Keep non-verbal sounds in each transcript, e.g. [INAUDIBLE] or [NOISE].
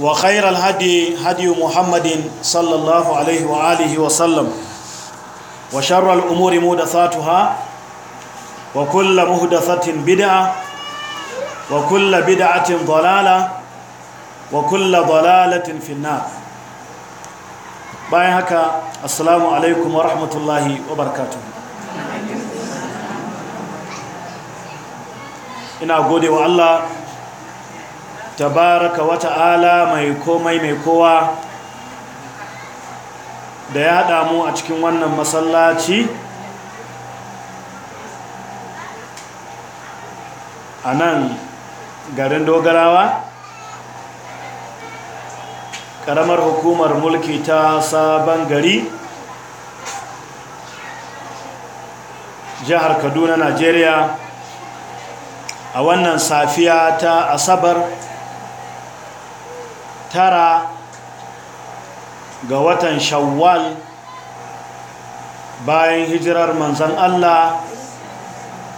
وخير الهدي هدي محمد صلى الله عليه وآله وسلم وشر الأمور مهدثاتها وكل مهدثة بدعة وكل بدعة ضلالة وكل ضلالة في النار باي هكا السلام عليكم ورحمة الله وبركاته ina gode wa Allah tabaraka wata'ala mai komai mai kowa da ya haɗa mu a cikin wannan masallaci a nan garin dogarawa ƙaramar hukumar mulki ta sabon gari jihar kaduna najeriya a wannan safiya ta asabar tara ga watan shawwal bayan hijirar manzan Allah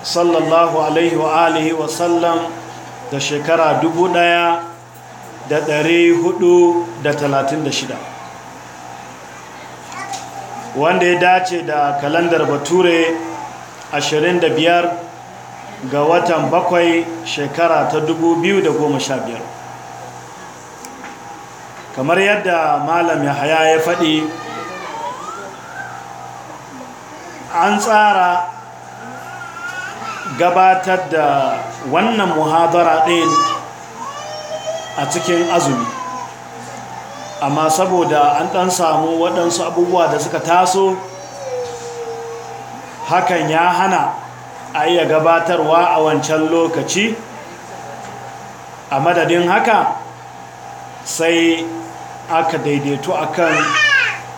sallallahu alaihi wa alihi da shekara dubu ɗaya da ɗari hudu da talatin da shida wanda ya dace da kalandar bature ashirin da biyar ga watan bakwai shekara ta dubu biyu da goma sha biyar kamar yadda malam yahaya ya faɗi an tsara gabatar da wannan muhadara ɗin a cikin azumi amma saboda an ɗan samu waɗansu abubuwa da suka taso hakan ya hana a iya gabatarwa a wancan lokaci a madadin haka sai aka daidaito akan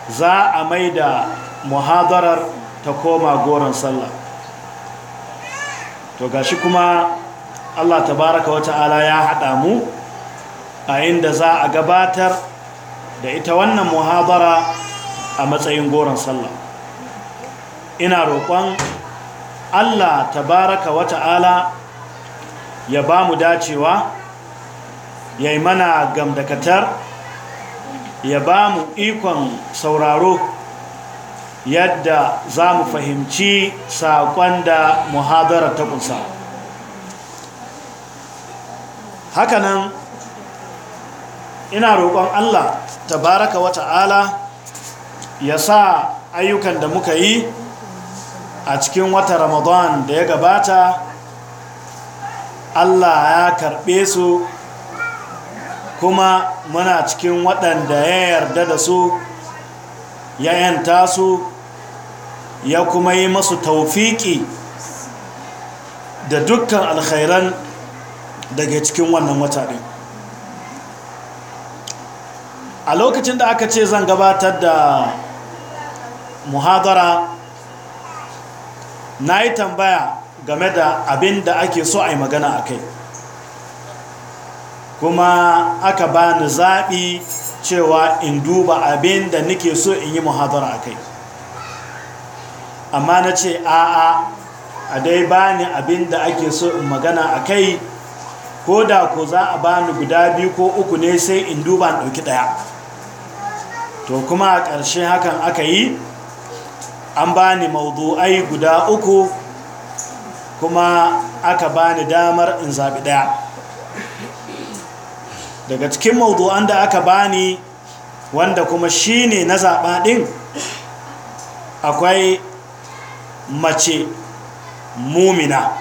za a mai da muhadarar ta koma goron sallah to gashi kuma Allah tabaraka wata'ala ya haɗa mu a inda za a gabatar da ita wannan muhadara a matsayin goron sallah ina roƙon Allah tabaraka wata'ala ya ba mu dacewa ya yi mana gamdakatar ya ba mu ikon sauraro yadda za mu fahimci saƙon da muhadara ta ƙunsa hakanan ina roƙon allah tabaraka wa ta'ala ya sa ayyukan da muka yi a cikin wata ramadan da ya gabata allah ya karɓe su kuma muna cikin waɗanda ya yarda da su ya yanta su ya kuma yi masu taufiki da dukkan alkhairan daga cikin wannan wata ɗin a lokacin da aka ce zan gabatar da muhadara na yi tambaya game da abin da ake so a yi magana a kai kuma aka bani zaɓi cewa in duba abin da nake so in yi muhadara a kai amma na ce a'a a dai bani abin da ake so in magana a kai ko da ko za a bani guda biyu ko uku ne sai in duba a ɗauki ɗaya to kuma a ƙarshe hakan aka yi an bani maudu'ai guda uku kuma aka bani damar in zaɓi ɗaya daga cikin mawdu'an da aka bani wanda kuma shine na zaɓa ɗin akwai mace mumina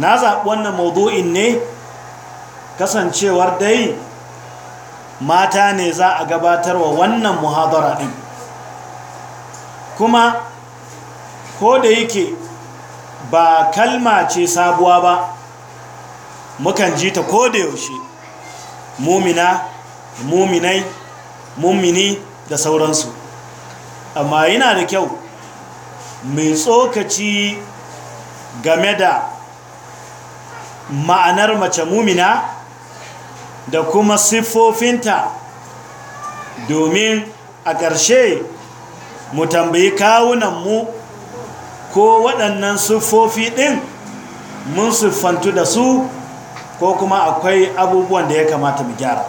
na zaɓi wannan mawdu'in ne kasancewar dai mata ne za a gabatar wa wannan muhadara ɗin kuma ko da yake ba kalma ce sabuwa ba mukan ji ta ko da yaushe mumina muminai mumini da sauransu amma yana da kyau mai tsokaci game da ma'anar mace mumina da kuma siffofinta domin a ƙarshe mu tambayi kawunanmu ko waɗannan siffofi ɗin mun siffantu da su ko kuma akwai abubuwan da ya kamata mu gyara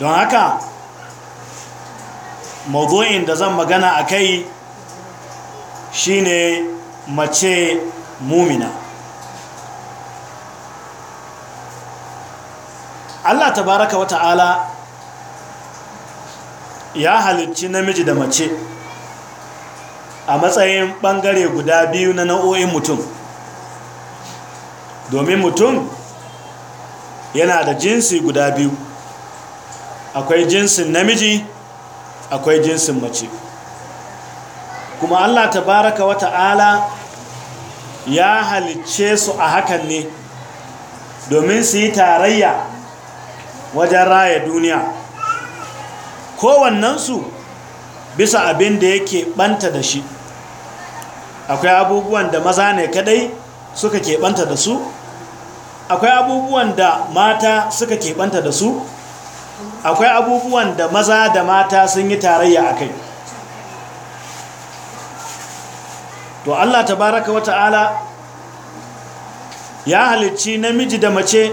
don haka mawdu'in da zan magana a kai shi ne mace mumina Allah tabaraka wa ta'ala ya halicci namiji da mace a matsayin ɓangare guda biyu na nau'o'in mutum domin mutum yana da jinsi guda biyu akwai jinsin namiji akwai jinsin mace kuma allah tabaraka wa ta'ala ya halicce su a hakan ne domin su yi tarayya wajen raya duniya kowannensu bisa abin da yake banta da shi akwai abubuwan da maza ne kadai suka keɓanta da su akwai abubuwan da mata suka keɓanta da su akwai abubuwan da maza da mata sun yi tarayya a kai to allah tabaraka wata'ala ya halicci namiji da mace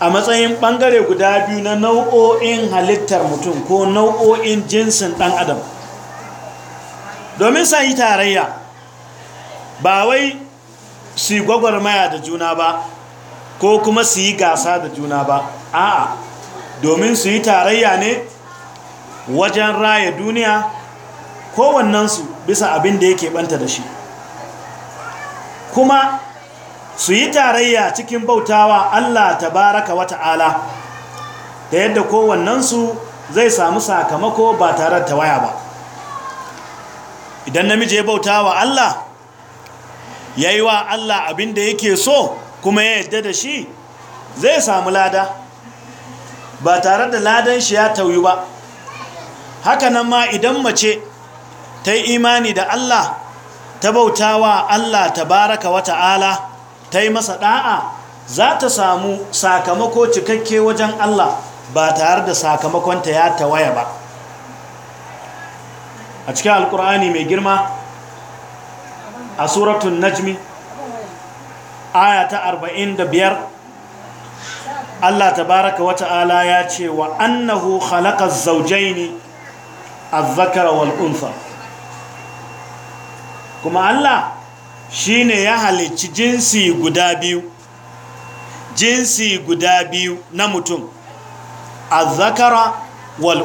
a matsayin ɓangare guda biyu na nau'o'in halittar mutum ko nau'o'in jinsin ɗan adam domin sa yi tarayya ba wai su yi gwagwarmaya da juna ba ko kuma su yi gasa da juna ba a'a domin su yi tarayya ne wajen raya duniya kowannensu bisa abin da yake banta da shi kuma su yi tarayya cikin bautawa Allah ta baraka wa ta'ala da yadda kowannensu zai samu sakamako ba tare da tawaya ba idan namiji ya bautawa Allah ya yi wa Allah abin da yake so kuma ya yadda da shi zai samu lada ba tare da ladan shi ya tauyi ba hakanan ma idan mace ta yi imani da Allah ta bauta wa Allah tabaraka wata ala ta yi masa da'a za ta samu sakamako cikakke wajen Allah ba tare da sakamakonta ya tawaya ba a cikin alkur'ani mai girma a suratun najmi aya ta biyar, Allah tabaraka wa ta'ala ya ce wa annahu khalaqa az-zawjayn wal kuma Allah shi ne ya halicci jinsi guda biyu jinsi guda biyu na mutum a zakara wal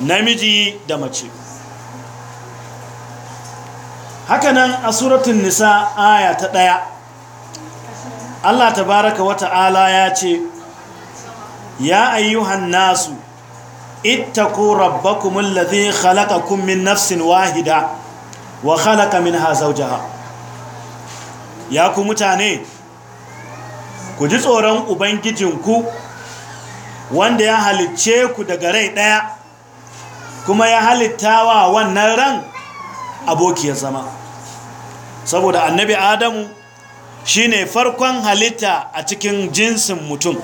namiji da mace haka nan a suratun nisa aya ta ɗaya allah tabaraka wa ta'ala ya ce ya ayyuhan nasu ita ku rabbaku mullazi khalaka kummin nafsin wahida wa min minha jaha. ya ku mutane ku ji tsoron ubangijinku wanda ya halicce ku daga rai ɗaya kuma ya halitta wa wannan ran abokiyar zama saboda annabi adamu shine farkon halitta a cikin jinsin mutum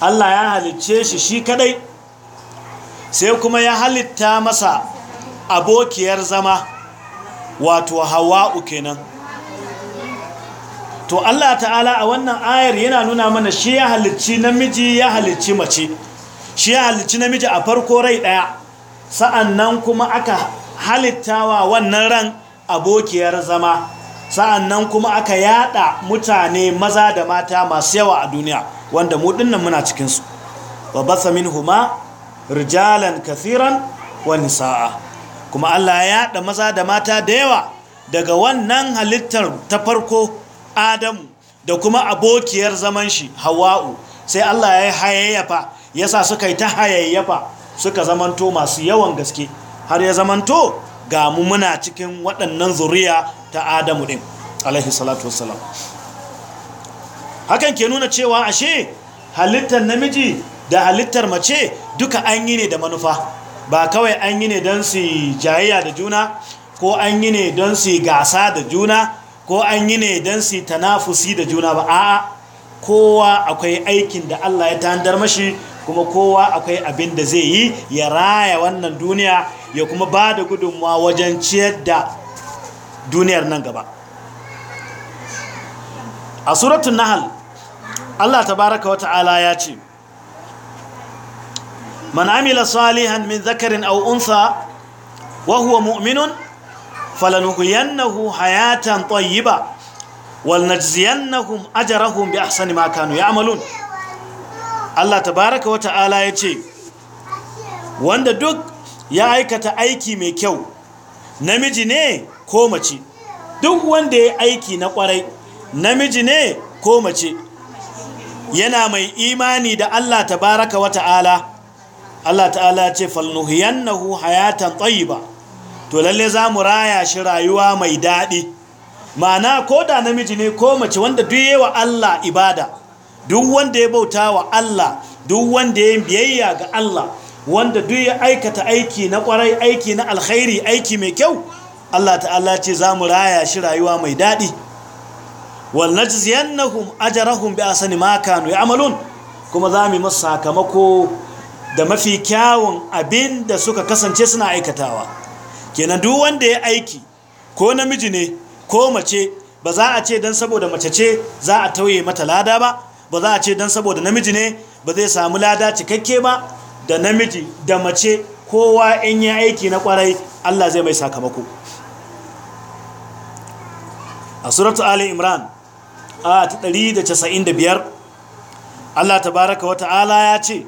Allah ya halicce shi shi kadai sai kuma ya halitta masa abokiyar zama wato hawa'u kenan to Allah ta'ala a wannan ayar yana nuna mana shi ya halicci namiji ya halicci mace shi ya halicci namiji a farko rai daya sa'an nan kuma aka halittawa wannan ran abokiyar zama sa'annan kuma aka yada mutane maza da mata masu yawa a duniya wanda mu dinnan muna cikinsu wa basa huma rijalan kathiran wa nisa'a kuma Allah ya yada maza da mata da yawa daga wannan halittar ta farko Adamu da kuma abokiyar zaman shi Hawa'u sai Allah ya yi hayayyafa yasa suka yi ta hayayyafa suka zamanto masu yawan gaske har ya zamanto ga mu muna cikin waɗannan zuriya ta adamu ɗin alaihi salatu wasalam hakan ke nuna cewa ashe halittar namiji da halittar mace duka an yi ne da manufa ba kawai an yi ne don su jayayya da juna ko an yi ne don su gasa da juna ko an yi ne don su tanafusi da juna ba a'a kowa akwai aikin da Allah ya tandar mashi kuma kowa akwai abin da zai yi ya raya wannan duniya ya kuma ba da gudunmuwa wajen ciyar da duniyar nan gaba a suratun nahal Allah tabaraka wa ta'ala ya ce man amila salihan min zakarin au unsa wa huwa mu'minun falanuhyiyannahu hayatan tayyiba wal najziyannahum ajrahum bi ahsani ma kanu ya'malun Allah tabaraka wa ta'ala ya ce wanda duk ya aikata aiki mai kyau namiji ne ko mace duk wanda ya aiki na kwarai namiji ne ko mace yana mai imani da Allah baraka wa ta'ala Allah ta'ala ce falnuhiyannahu hayatan tayyiba to lalle za mu raya shi rayuwa mai daɗi ma'ana ko da namiji ne ko mace wanda duk wa Allah ibada duk wanda ya bauta wa Allah duk wanda ya biyayya ga Allah wanda duk ya aikata aiki na kwarai aiki na alkhairi aiki mai kyau Allah ta'ala ce za mu raya shi rayuwa mai daɗi wallajziyannahum ajrahum bi asani ma kanu ya'malun kuma za mu masu sakamako da mafi kyawun abin da suka kasance suna aikatawa kenan duk wanda ya aiki ko namiji ne ko mace ba za a ce dan saboda mace ce za a tauye mata lada ba ba za a ce dan saboda namiji ne ba zai samu lada cikakke ba da namiji da mace kowa in yi aiki na kwarai Allah zai mai sakamako a suratu ali imran a ta 195 Allah tabaraka wa ta'ala ya ce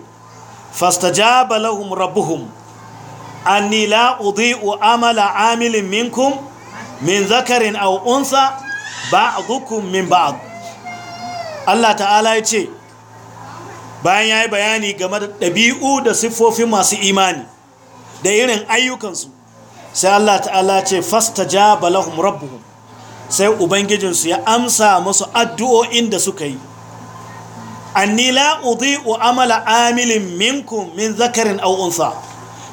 fastajaba lahum rabbuhum anni la udhi'u amala amilin minkum min zakarin aw unsa ba'dukum min ba'd Allah ta'ala ya ce bayan ya yi bayani game da ɗabi'u da siffofin masu imani da irin ayyukansu sai Allah ta'ala ce fasta ja balahun rabbuhum sai ubangijinsu ya amsa masu addu'o'in da suka yi annila uzi'u amala amilin minkum min zakarin au'unsa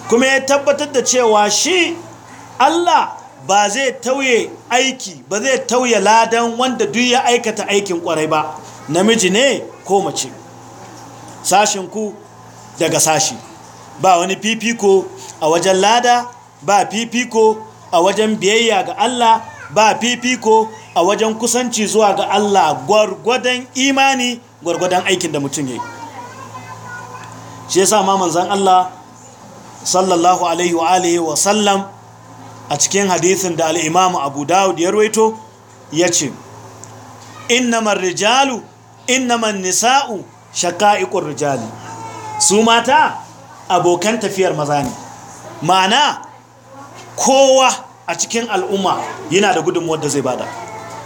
kuma ya tabbatar da cewa shi Allah ba zai tauye aiki ba zai tauye ladan wanda duk ya aikata aikin kwarai ba namiji ne ko mace ku daga sashi ba wani fifiko a wajen lada ba fifiko a wajen biyayya ga Allah ba fifiko a wajen kusanci zuwa ga Allah gwargwadon imani gwargwadon aikin da mutum ya yi shi yasa ma manzon Allah sallallahu alaihi wa alihi wa sallam a cikin hadisin da al-Imam Abu Dawud ya ruwaito yace innamal rijalu innaman nisa'u Shaka ikon rijali su mata abokan tafiyar maza ne ma'ana kowa a cikin al'umma yana da gudun da zai bada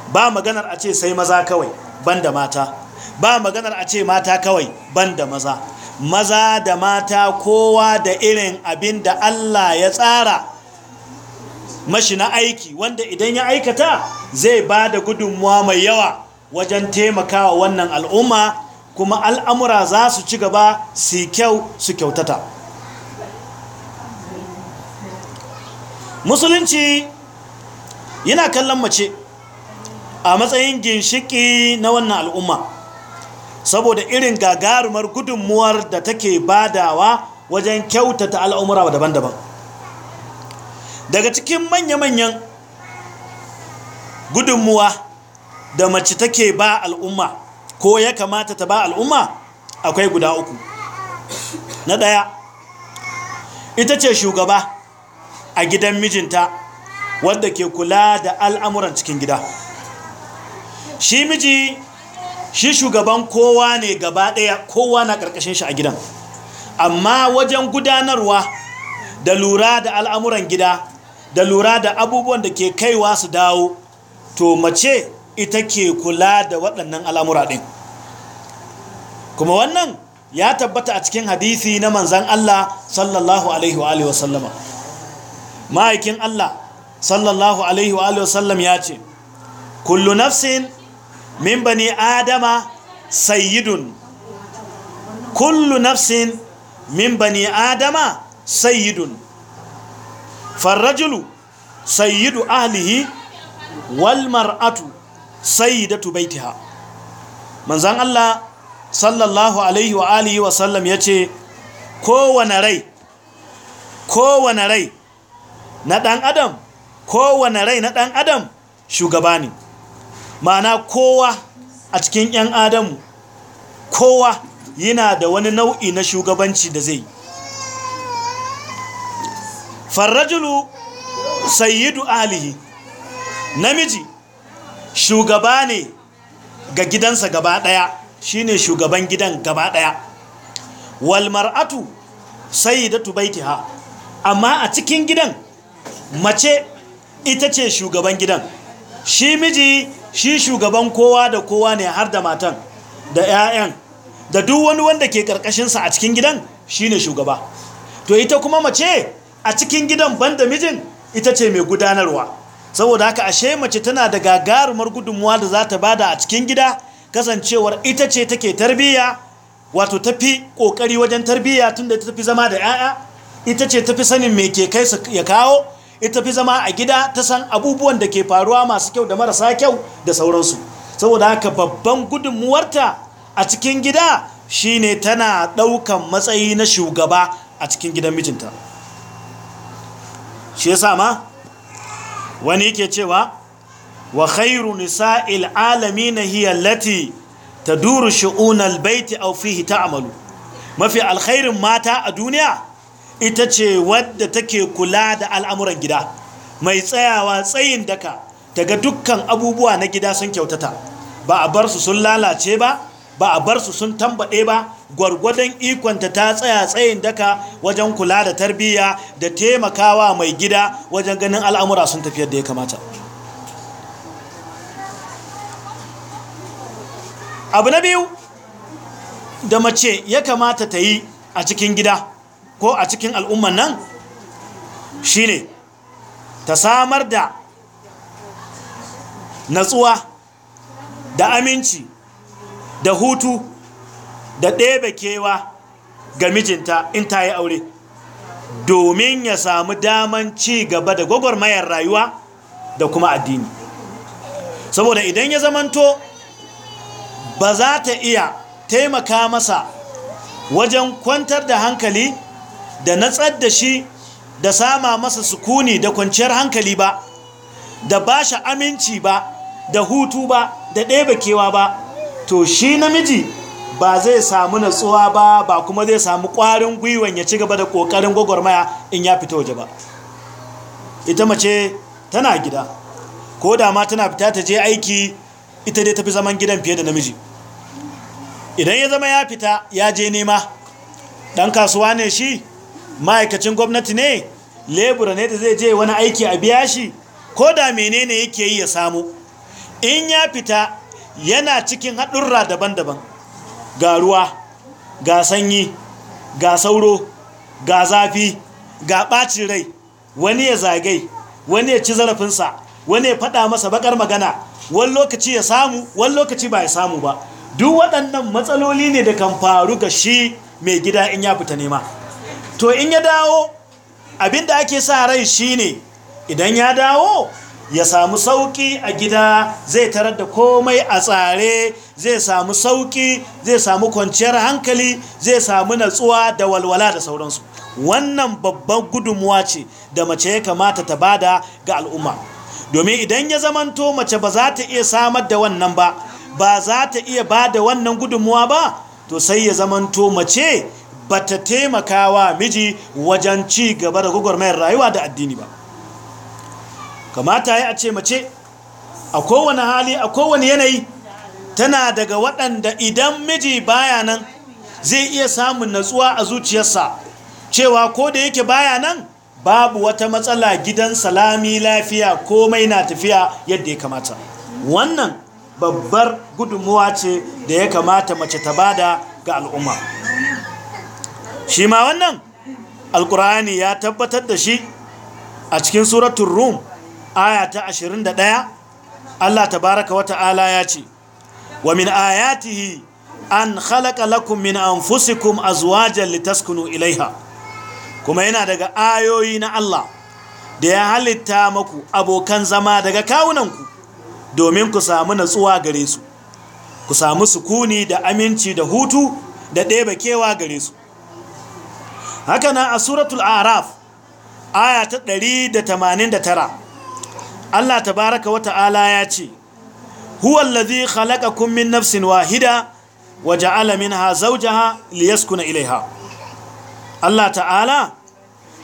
ba maganar a ce sai maza kawai banda mata ba maganar a ce mata kawai banda maza maza da mata kowa da irin abin da Allah ya tsara mashi na aiki wanda idan ya aikata zai ba da gudunmuwa mai yawa wajen taimakawa wannan al'umma kuma al'amura za su ci gaba su kyau su kyautata musulunci yana kallon mace a matsayin ginshiki na wannan al'umma saboda irin gagarumar gudunmuwar da take badawa wajen kyautata al'amura daban-daban daga cikin manya-manyan gudunmuwa da mace take ba al'umma ko ya kamata ta ba al'umma akwai guda uku na ɗaya ita ce shugaba a gidan mijinta wadda ke kula da al'amuran cikin gida shi miji shi shugaban kowa ne gaba ɗaya kowa na ƙarƙashin shi a gidan amma wajen gudanarwa da lura da al'amuran gida da lura da abubuwan da ke kaiwa su dawo to mace ita ke kula da waɗannan al'amura ɗin kuma wannan ya tabbata a cikin hadisi na manzan Allah sallallahu alaihi wa alihi wasallama ma'aikin Allah sallallahu alaihi wa alihi wasallam ya ce kullu nafsin min bani adama sayyidun kullu nafsin min bani adama sayyidun farrajulu sayyidu ahlihi wal mar'atu sayyidatu baitiha manzan Allah sallallahu alaihi wa alihi wa sallam yace kowane rai kowane rai na ɗan adam kowane rai na ɗan adam shugaba ne ma'ana kowa a cikin yan adam kowa yana da wani nau'i na shugabanci da zai farrajulu sayyidu alihi namiji shugaba ne ga gidansa gaba ɗaya shine shugaban gidan gaba daya wal mar'atu sayyidatu ha amma a cikin gidan mace ita ce shugaban gidan shi miji shi shugaban kowa da kowa ne har da matan da 'ya'yan da duk wani wanda ke karkashinsa a cikin gidan shine shugaba to ita kuma mace a cikin gidan ban da mijin ita ce mai gudanarwa saboda haka ashe mace tana da gagarumar gudunmuwa da za ta bada a cikin gida kasancewar ita ce take tarbiyya wato tafi kokari wajen tarbiyya tunda ta tafi zama da 'ya'ya ita ce tafi sanin me ke kai ya kawo ita fi zama a gida ta san abubuwan da ke faruwa masu kyau da marasa kyau da sauransu saboda haka babban gudunmuwarta a cikin gida shine tana ɗaukan matsayi na shugaba a cikin gidan mijinta shi ma wani yake cewa wa khairu nisa'il alamin hiya allati taduru shu'unal baiti aw fihi ta'malu mafi alkhairin mata a duniya ita ce wadda take kula da al'amuran gida mai tsayawa tsayin daka daga dukkan abubuwa na gida sun kyautata ba a bar su sun lalace ba ba a bar su sun tambaɗe ba gwargwadon ikonta ta tsaya tsayin daka wajen kula da tarbiyya da taimakawa mai gida wajen ganin al'amura sun tafiyar da ya kamata abu na biyu da mace ya kamata ta yi a cikin gida ko a cikin al'umman nan shine ta samar da natsuwa da aminci da hutu da ɗebe kewa ga mijinta in ta yi aure domin ya samu daman ci gaba da gwagwarmayar rayuwa da kuma addini saboda idan ya zamanto ba za ta iya taimaka masa wajen kwantar da hankali da natsar da shi da sama masa sukuni da kwanciyar hankali ba da ba shi aminci ba da hutu ba da ɗaya kewa ba to shi namiji ba zai samu natsuwa ba ba kuma zai samu ƙwarin gwiwan ya ci gaba da ƙoƙarin gwagwarmaya in ya fito waje ba ita mace tana gida ko da ma tana fita ta je aiki ita dai tafi zaman gidan fiye da namiji idan ya zama ya fita ya je nema ɗan kasuwa ne shi ma'aikacin gwamnati ne lebura ne da zai je wani aiki a biya shi ko da menene yake yi ya samu in ya fita yana cikin haɗurra daban-daban ga ruwa ga sanyi ga sauro ga zafi ga ɓacin rai wani ya zagai wani ya ci zarafinsa wani ya faɗa masa baƙar magana wani lokaci ya samu wani lokaci ba ya samu ba duk waɗannan matsaloli ne da kan faru ga shi mai gida in ya fita nema to in ya dawo abin da ake sa rai ne idan ya dawo ya samu sauƙi a gida zai tarar da komai a tsare zai samu sauƙi zai samu kwanciyar hankali zai samu natsuwa da walwala da sauransu wannan babban gudunmuwa ce da mace ya kamata ta bada ga al'umma domin idan ya zamanto mace ba za ta iya samar da wannan ba ba za ta iya ba da wannan gudunmuwa ba to sai ya zamanto mace ba ta wa miji wajen ci gaba da gwagwarmayar rayuwa da addini ba kamata ya ce mace a kowane hali a kowane yanayi tana daga waɗanda idan miji baya nan zai iya samun natsuwa a zuciyarsa cewa ko da yake baya nan babu wata matsala gidan salami lafiya komai na tafiya yadda ya kamata wannan babbar gudunmuwa ce da ya kamata mace ta bada ga al'umma shi ma wannan alkur'ani ya tabbatar da shi a cikin suratun rum aya ta 21 Allah tabaraka wata'ala ya ce wa min ayatihi an khalaka lakum min anfusikum azwajan litaskunu ilaiha kuma yana daga ayoyi na Allah da ya halitta maku abokan zama daga kawunanku domin ku samu natsuwa gare su ku samu sukuni da aminci da hutu da ɗeba kewa gare su haka na a suratul araf aya ta ɗari tara. Allah tabaraka wa ta'ala ya ce huwa allazi khalaqakum min nafsin wahida wa ja'ala minha zawjaha liyaskuna ilaiha Allah ta'ala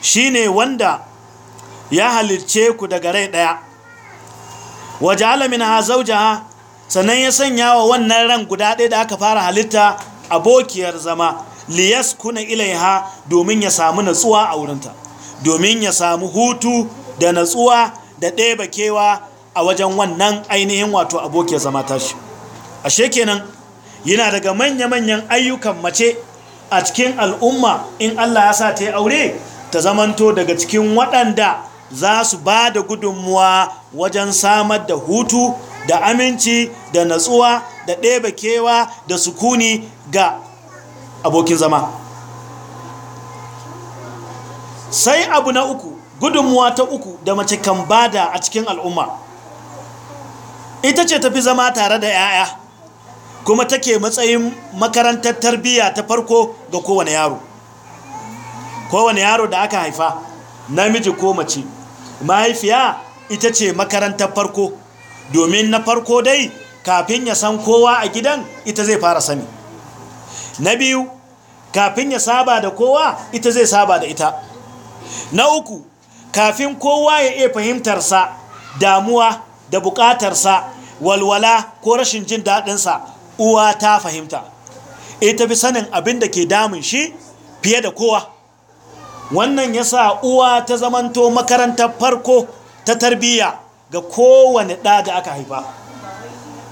shi ne wanda ya halirce ku daga rai ɗaya waje alamin ha zauja sannan ya sanya wa wannan ran guda ɗaya da aka fara halitta abokiyar zama liyas kuna ha. domin ya samu natsuwa a wurinta domin ya samu hutu da natsuwa da ɗeba kewa a wajen wannan ainihin wato abokiyar zama tashi ashe kenan yana daga manya-manyan ayyukan mace a cikin al'umma in Allah ya sa ta yi aure ta zamanto daga cikin waɗanda za su ba da gudunmuwa wajen samar da hutu da aminci da natsuwa da ɗebe kewa da sukuni ga abokin zama sai abu na uku gudunmuwa ta uku da mace kan bada a cikin al'umma ita ce tafi zama tare da 'ya'ya kuma take matsayin makarantar tarbiyya ta farko ga kowane yaro kowane yaro da aka haifa namiji ko mace mahaifiya ita ce makarantar farko domin na farko dai kafin ya san kowa a gidan ita zai fara sani na biyu kafin ya saba da kowa ita zai saba da ita na uku kafin kowa ya iya fahimtarsa damuwa da bukatarsa walwala ko rashin jin daɗinsa uwa ta fahimta ita eh, bi sanin abin da ke damun shi fiye da kowa wannan ya sa uwa ta zamanto makarantar farko ta tarbiyya ga kowane ɗa da aka haifa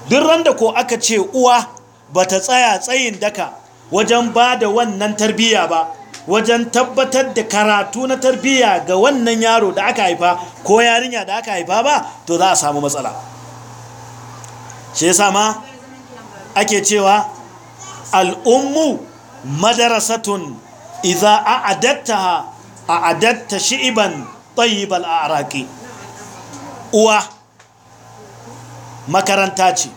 duk randa ko aka ce uwa ba ta tsaya tsayin daka wajen ba da wannan tarbiyya ba wajen tabbatar da karatu na tarbiyya ga wannan yaro da aka haifa ko yarinya da aka haifa ba to za a samu matsala shi ya ma ake cewa al'ummu madarasatun idza a'adattaha a'adatta shi'iban tayyibal araki. uwa makaranta ce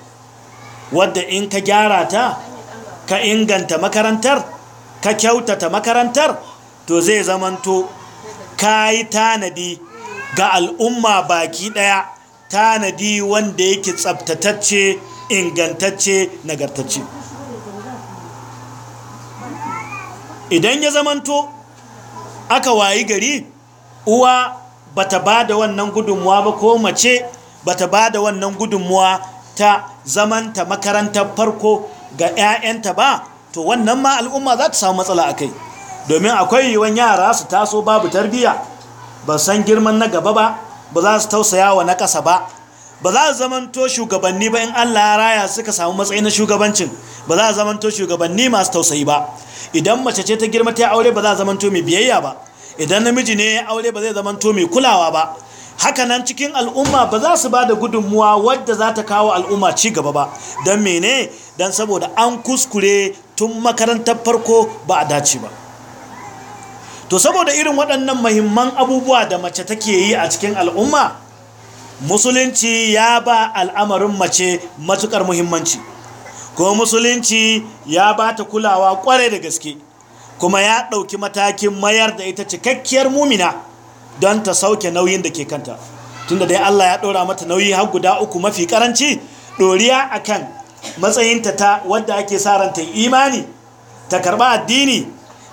wadda in ka gyara ta ka inganta makarantar ka kyautata makarantar to zai zamanto ka yi tanadi ga al'umma baki ɗaya tanadi wanda yake tsabtatacce ingantacce nagartacce idan ya zamanto aka wayi gari uwa bata ba da wannan gudunmuwa ba ko mace bata ba da wannan gudunmuwa ta zamanta makarantar farko ga 'ya'yanta ba to wannan ma al'umma za ta samu matsala a kai domin akwai yiwuwan yara su taso babu tarbiyya ba san girman na gaba ba ba za su tausaya wa na ƙasa ba ba za a zamanto shugabanni ba in Allah ya raya suka samu matsayi na shugabancin ba za a zamanto shugabanni masu tausayi ba idan mace ce ta girma ta aure ba za a zamanto mai biyayya ba idan namiji ne ya aure ba zai zamanto mai kulawa ba haka nan cikin al'umma ba za su ba da gudunmuwa wadda za ta kawo al'umma ci gaba ba don mene don saboda an kuskure tun makarantar farko ba a dace ba to saboda irin waɗannan mahimman abubuwa da mace take yi a cikin al'umma musulunci ya ba al'amarin mace matukar muhimmanci kuma musulunci ya ba ta kulawa kwarai da gaske kuma ya ɗauki matakin mayar da ita cikakkiyar mumina don ta sauke nauyin da ke kanta tunda dai Allah ya ɗora mata nauyi har guda uku mafi karanci ɗoriya akan matsayinta ta wadda ake sa ran ta imani ta karɓa addini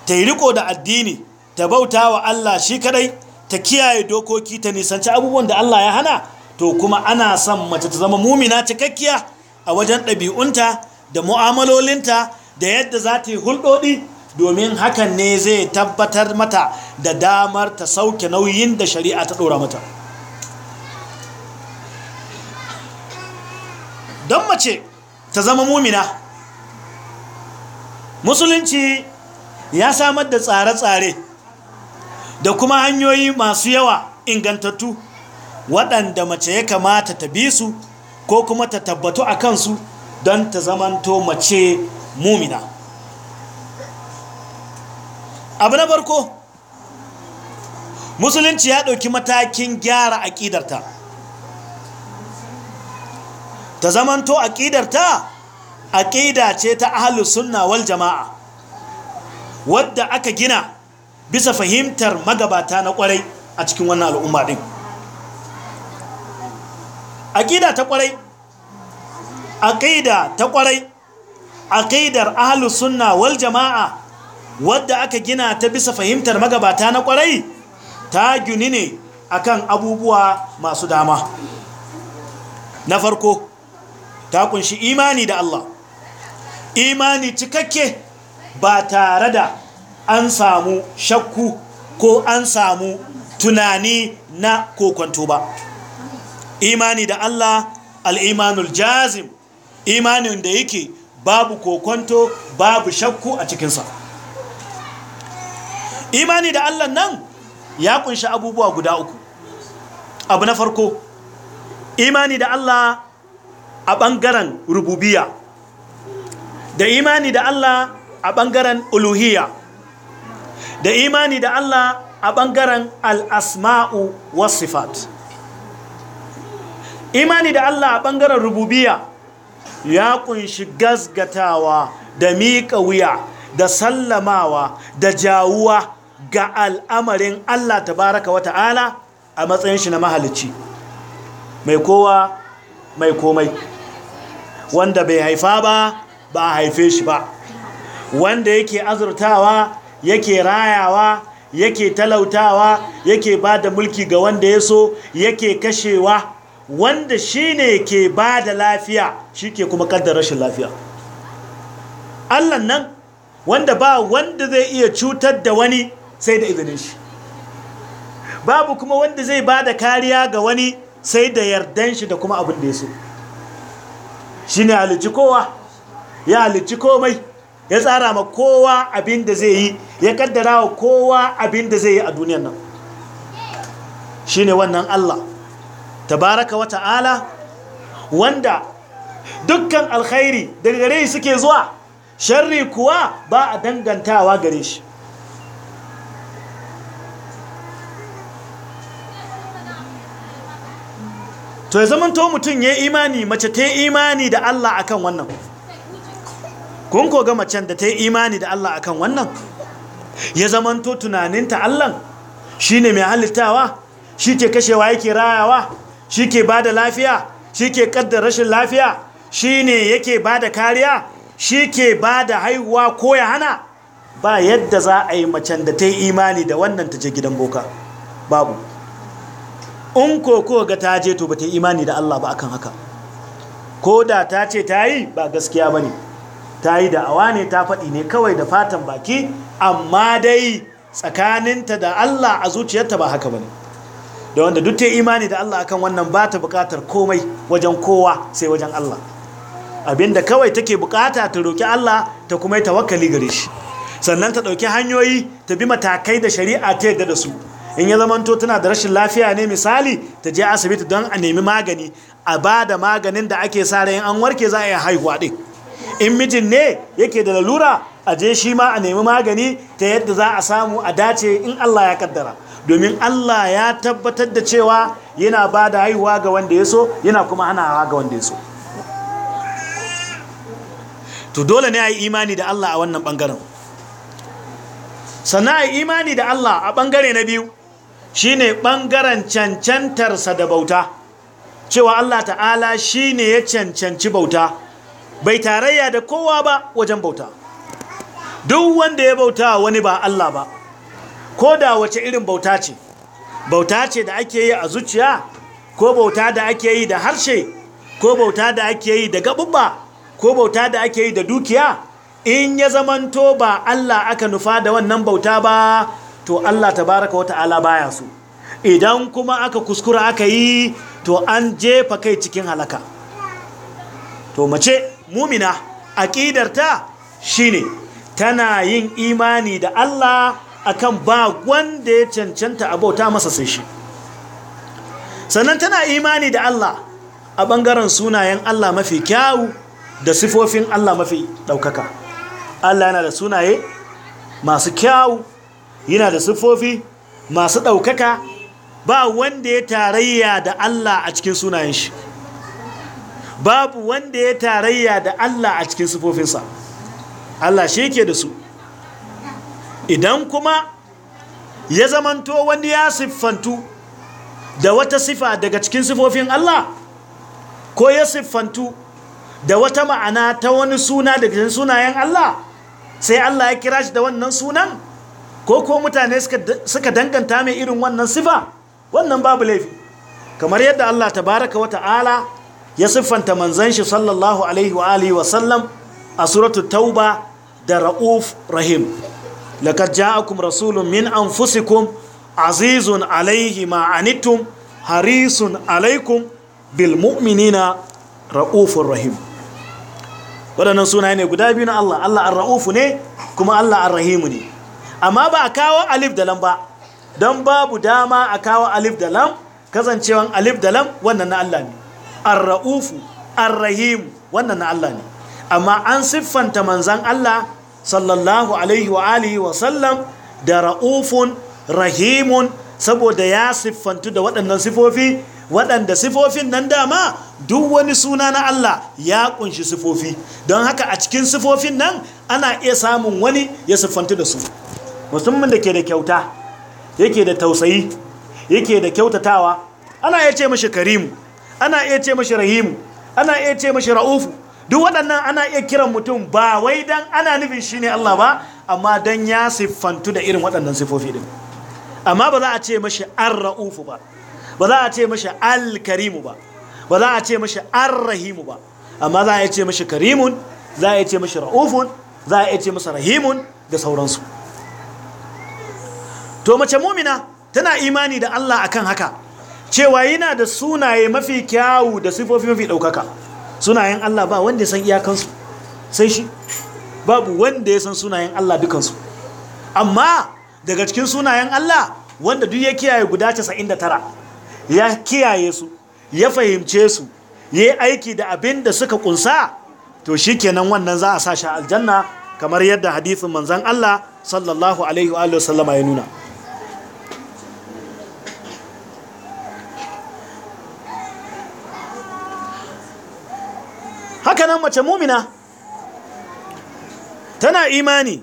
ta yi riko da addini ta bauta wa Allah shi kadai ta kiyaye dokoki ta nisanci abubuwan da Allah ya hana to kuma ana son mace ta zama mumina cikakkiya a wajen ɗabi'unta da mu'amalolinta da yadda za ta yi hulɗoɗi domin hakan ne zai tabbatar mata da damar ta sauke nauyin da shari'a ta ɗora mata don mace ta zama mumina musulunci ya samar da tsare-tsare da kuma hanyoyi masu yawa ingantattu waɗanda mace ya kamata ta bi su ko kuma ta tabbatu a kansu don ta zamanto mace mumina abu na barko musulunci ya ɗauki matakin gyara aƙidarta ta zamanto aƙidarta aƙida ce ta ahalus sunna wal jama'a wadda aka gina bisa fahimtar magabata na ƙwarai a cikin wannan al'umma ɗin aqida ta kwarai aqida ta kwarai aqidar ahlus sunna wal jamaa wadda aka gina ta bisa fahimtar magabata na kwarai ta gini ne akan abubuwa masu dama na farko ta kunshi imani da Allah imani cikakke ba tare da an samu shakku ko an samu tunani na kokonto ba imani da Allah al'imanul jazim imanin da yake babu kokonto babu shakku a cikinsa imani da Allah nan ya kunshi abubuwa guda uku abu na farko imani da Allah a ɓangaren rububiya da imani da Allah a ɓangaren uluhiya da imani da Allah a ɓangaren al'asma'u wasifat imani da Allah a ɓangaren rububiya ya kunshi gasgatawa da miƙa wuya da sallamawa da jawuwa ga al'amarin Allah baraka wa ta'ala a matsayin shi na mahalicci mai kowa mai komai wanda bai haifa ba ba a haife shi ba wanda yake azurtawa yake rayawa yake talautawa yake ba da mulki ga wanda ya so yake kashewa wanda shi ne ke ba da lafiya shi ke kuma kaddar rashin lafiya allah nan wanda ba wanda zai iya cutar da wani sai da izinin shi babu kuma wanda zai ba da kariya ga wani sai da yardan shi da kuma abin da ya so shi ne halicci kowa ya halicci komai ya tsara ma kowa abin da zai yi ya kaddara wa kowa abin da zai yi a duniyan nan shi ne wannan allah tabaraka wa ta'ala wanda dukkan alkhairi daga gare shi suke zuwa sharri kuwa ba a dangantawa gare shi to ya zamanto mutum ya imani mace ta imani da Allah akan wannan kun koga macen da ta imani da Allah akan wannan ya zamanto tunaninta Allah shine mai halittawa shi ke kashewa yake rayawa shi ke ba da lafiya shi ke kaddar rashin lafiya shi ne yake ba da kariya shi ke ba da haihuwa ko ya hana ba yadda za a yi macen da ta yi imani da wannan ta je gidan boka babu in koko ga ta je to ba ta yi imani da Allah ba akan haka ko da ta ce ta yi ba gaskiya ba ne ta yi da awa ne ta faɗi ne kawai da fatan baki amma dai tsakaninta da Allah a zuciyarta ba haka ba ne da wanda duk ta imani da Allah akan wannan ba ta bukatar komai wajen kowa sai wajen Allah abinda kawai take bukata ta roki Allah ta kuma yi tawakkali gare shi sannan ta dauki hanyoyi ta bi matakai da shari'a ta yadda da su in ya zamanto tana da rashin lafiya ne misali ta je asibiti don a nemi magani a ba da maganin da ake sa ran an warke za a yi haihuwa din in mijin ne yake da lalura a je shi ma a nemi magani ta yadda za a samu a dace in Allah ya kaddara domin Allah ya tabbatar da cewa yana ba da haihuwa ga wanda ya so yana kuma hana ga wanda ya so to dole ne a yi imani da Allah a wannan ɓangaren sannan a yi imani da Allah a ɓangare na biyu shi ne ɓangaren cancantarsa da bauta cewa Allah ta'ala shi ne ya cancanci bauta bai tarayya da kowa ba wajen bauta duk wanda ya bauta wani ba Allah ba ko da wace irin bauta ce bauta ce da ake yi a zuciya ko bauta da ake yi da harshe ko bauta da ake yi da gaɓuɓɓa ko bauta da ake yi da dukiya in ya zamanto ba Allah aka nufa da wannan bauta ba to Allah tabaraka wa ta'ala baya so idan kuma aka kuskura aka yi to an jefa kai cikin halaka to mace mumina aƙidarta shine tana yin imani da Allah akan ba wanda ya cancanta abauta masa sai shi sannan tana imani da Allah a ɓangaren sunayen Allah mafi kyau da sifofin Allah mafi ɗaukaka Allah yana da sunaye masu kyawu yana da sifofi masu ɗaukaka ba wanda ya tarayya da Allah a cikin sunayen shi babu wanda ya tarayya da Allah a cikin sifofinsa Allah shi ke da su idan kuma ya zamanto wani ya siffantu da wata sifa daga cikin sifofin Allah ko ya siffantu da wata ma'ana ta wani suna daga cikin sunayen Allah sai Allah ya kira shi da wannan sunan ko ko mutane suka danganta mai irin wannan sifa wannan babu laifi kamar yadda Allah tabaraka wa ta'ala ya siffanta manzon shi sallallahu alaihi wa sallam a suratul tauba da ra'uf rahim a ja'akum rasulun min anfusikum azizun alaihi ma anittum harisun alaikum bilmuminina ra'ufun rahim waɗannan sunaye ne guda biyu na Allah Allah ar-ra'ufu ne kuma Allah ar-rahimu ne amma ba a kawo alif da lam ba don babu dama a kawo alif da lam kasancewan alif da lam wannan na Allah ne ar-ra'ufu ar-rahimu wannan na Allah ne amma an siffanta manzan Allah sallallahu alaihi wa alihi wa sallam da ra'ufun rahimun saboda ya siffantu da waɗannan sifofi waɗanda sifofin nan dama duk wani suna na Allah ya kunshi sifofi don haka a cikin sifofin nan ana iya samun wani ya siffantu da su musamman da ke da kyauta yake da tausayi yake da kyautatawa ana iya ce mashi karimu ana iya ce mashi rahimu ana iya ce mashi ra'ufu duk waɗannan ana iya kiran mutum ba wai dan ana nufin shi ne Allah ba amma dan ya siffantu da irin waɗannan siffofi ɗin amma ba za a ce mashi an raufu ba ba za a ce mashi al-karimu ba ba za a ce mashi an rahimu ba amma za a ce mashi karimun za a ce mashi ra'ufun za a ce masa rahimun da sauransu to mace mumina tana imani da Allah akan haka cewa yana da sunaye mafi kyawu da sifofi mafi ɗaukaka sunayen Allah ba wanda ya san iyakansu sai shi babu wanda ya san sunayen Allah dukansu amma daga cikin sunayen Allah wanda duk ya kiyaye guda 99 ya kiyaye su ya fahimce su ya yi aiki da abin da suka kunsa to shi kenan wannan za a sa shi aljanna kamar yadda hadithin manzan Allah sallallahu alaihi wa sallama ya nuna nan mace mumina tana imani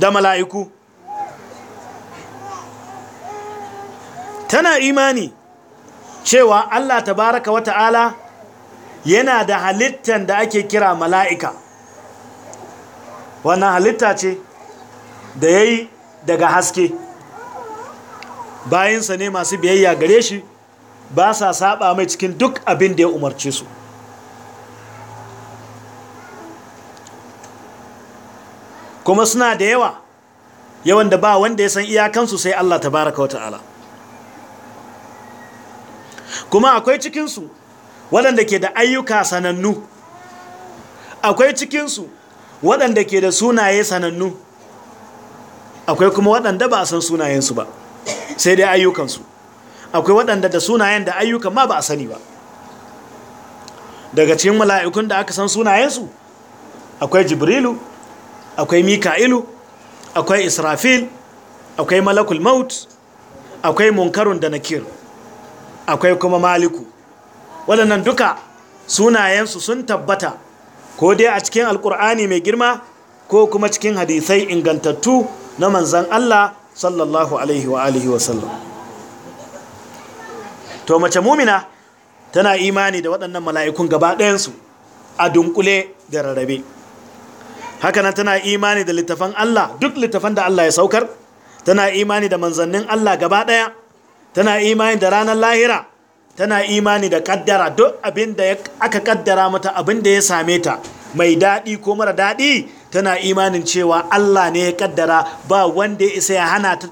da mala'iku tana imani cewa Allah tabaraka wa ta'ala yana da halittan da ake kira mala'ika wannan halitta ce da ya yi daga haske bayansa ne masu biyayya gare shi ba sa saba mai cikin duk abin da ya umarce su kuma suna da yawa yawan da ba wanda ya san iyakansu sai Allah tabaraka wa ta'ala kuma akwai cikinsu waɗanda ke da ayyuka sanannu akwai cikinsu waɗanda ke da sunaye sanannu akwai kuma waɗanda ba a san sunayensu ba sai dai ayyukansu akwai waɗanda da sunayen da ayyukan ma ba a sani ba daga cikin mala'ikun da aka san sunayensu akwai jibrilu akwai mika'ilu akwai israfil akwai malakul maut akwai munkarun da nakir akwai kuma maliku waɗannan duka sunayensu sun tabbata ko dai a cikin alkur'ani mai girma ko kuma cikin hadisai ingantattu na manzan Allah sallallahu alaihi wa alihi wa to mace mumina tana imani da waɗannan mala'ikun gaba ɗayansu a dunkule da rarrabe hakanan tana imani da littafan Allah duk littafan da Allah ya saukar tana imani da manzannin Allah gaba daya tana imani da ranar lahira tana imani da kaddara duk abin da aka kaddara mata abin da ya same ta mai daɗi ko mara daɗi tana imanin cewa Allah ne ya kaddara ba wanda ya isa ya hana ta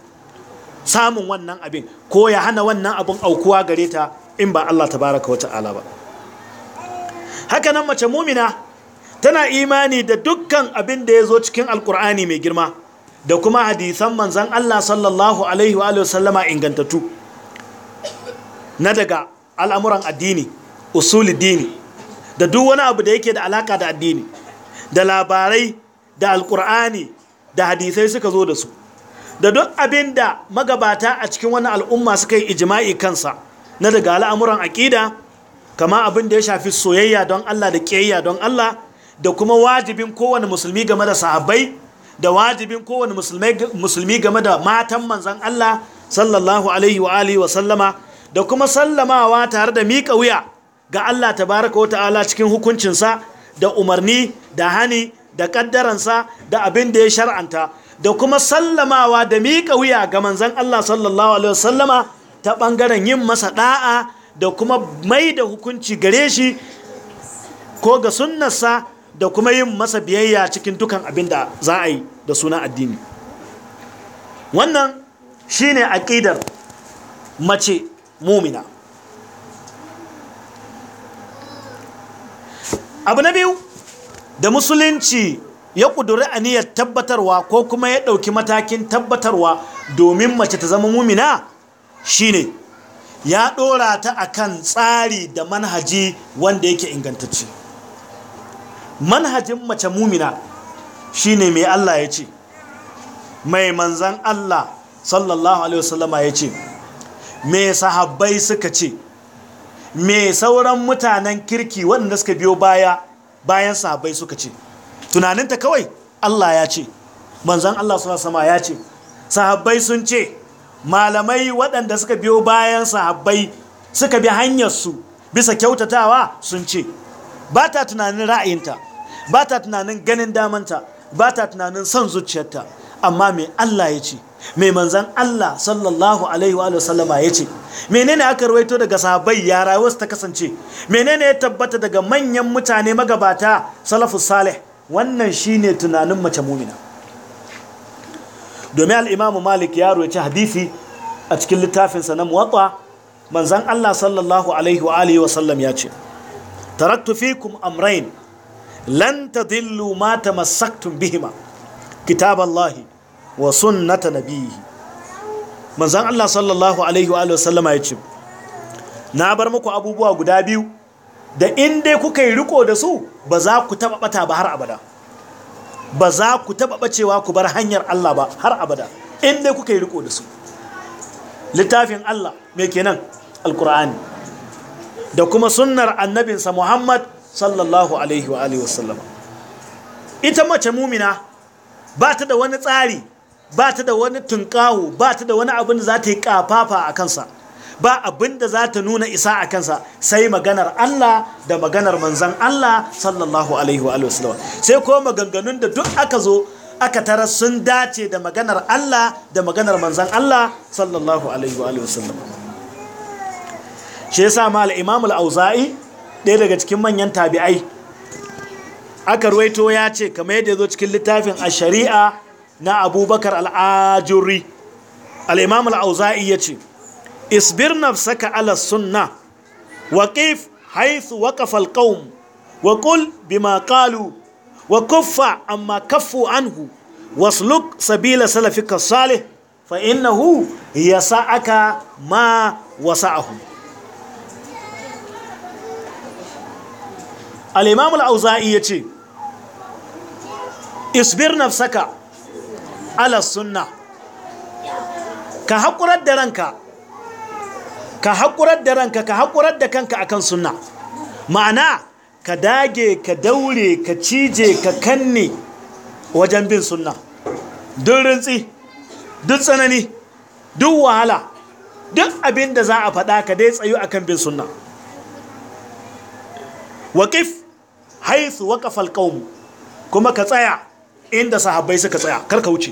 samun wannan abin ko ya hana wannan abin aukuwa gare ta in ba Allah ta baraka wata ala ba hakanan mace mumina tana imani da dukkan abin da ya zo cikin alkur'ani mai girma da kuma hadisan manzan Allah sallallahu alaihi wa sallama ingantattu na daga al'amuran addini usuli dini da duk wani abu da yake da alaka da addini da labarai da alkur'ani da hadisai suka zo da su da duk abin da magabata a cikin wani al'umma suka yi ijima'i kansa na daga al'amuran aƙida kama abin da ya shafi soyayya don Allah da ƙiyayya don Allah da kuma wajibin kowane musulmi game da sahabbai da wajibin kowane musulmi game da matan manzan Allah sallallahu alaihi wa alihi wa sallama da kuma sallamawa tare da miƙa wuya ga Allah tabaraka wa ta'ala cikin hukuncinsa da umarni da hani da ƙaddaransa da abin da ya shar'anta da kuma sallamawa da miƙa wuya ga manzan Allah sallallahu alaihi wa sallama ta ɓangaren yin masa ɗa'a da kuma mai da hukunci gare shi ko ga sunnarsa da kuma yin masa biyayya cikin dukan abin da za a yi da suna addini wannan shi shine aƙidar mace mumina abu na biyu da musulunci ya ƙuduri aniyar tabbatarwa ko kuma ya ɗauki matakin tabbatarwa domin mace ta zama mumina ne ya ɗora ta kan tsari da manhaji wanda yake ingantacce manhajin mace mumina shine mai Allah ya ce mai manzan Allah sallallahu alaihi wasallama ya ce mai sahabbai suka ce mai sauran mutanen kirki waɗanda suka biyo baya bayan sahabbai suka ce tunaninta kawai Allah ya ce manzan Allah sallallahu alaihi ya ce sahabbai sun ce malamai waɗanda suka biyo bayan sahabbai suka bi hanyarsu bisa kyautatawa sun ce ba ta tunanin ra'ayinta ba ta tunanin ganin damanta ba ta tunanin son zuciyarta amma mai Allah ya ce mai manzan Allah sallallahu alaihi wa sallama ya ce menene aka rawaito daga sahabbai ya wasu ta kasance menene ya tabbata daga manyan mutane magabata salafus salih wannan shine tunanin mace mumina domin al'imamu malik ya rawaita hadisi a cikin littafinsa na muwatsa manzan Allah sallallahu alaihi wa sallam ya ce taraktu fikum amrain. lan tadillu ma tamassaktum bihima Allahi wa sunnata nabiyhi manzon Allah sallallahu alaihi wa sallama ya ce na bar muku abubuwa guda biyu da in dai kuka yi riko da su ba za ku taba bata ba har abada ba za ku taba bacewa ku bar hanyar Allah ba har abada in dai kuka yi riko da su littafin Allah me kenan alkur'ani da kuma sunnar annabinsa Muhammad sallallahu alaihi wa Alaihi wasallama ita mace mumina ba ta da wani tsari ba ta da wani tunkahu ba ta da wani abin da za ta yi kafafa a kansa ba abin da za ta nuna isa a kansa sai maganar Allah da maganar manzan Allah sallallahu alaihi wa Alaihi wasallama sai ko maganganun da duk aka zo aka tara sun dace da maganar Allah da maganar manzan Allah sallallahu alaihi wa Alaihi wasallama shi yasa ma auzai ɗaya daga cikin manyan tabi'ai aka ruwaito ya ce kamar yadda zo cikin littafin a sharia na abubakar al'ajuri al'imamul auzai ya ce isbir saka ala sunna waƙif haythu waqafa al waƙul wa qul wa kuffa amma kaffu anhu wasluk sabila na hu, ya sa aka ma ahu alimamul imam al-auza'i yace isbir nafsaka ala sunna ka haƙurar da ranka ka haƙurar da ranka ka haƙurar da kanka akan sunna ma'ana ka dage ka daure ka cije ka kanne wajen bin sunna duk rintsi duk tsanani duk wahala duk abin da za a faɗa ka dai tsayu akan bin sunna waƙif haisu waqafal qaum kuma ka tsaya inda sahabbai suka tsaya kar ka wuce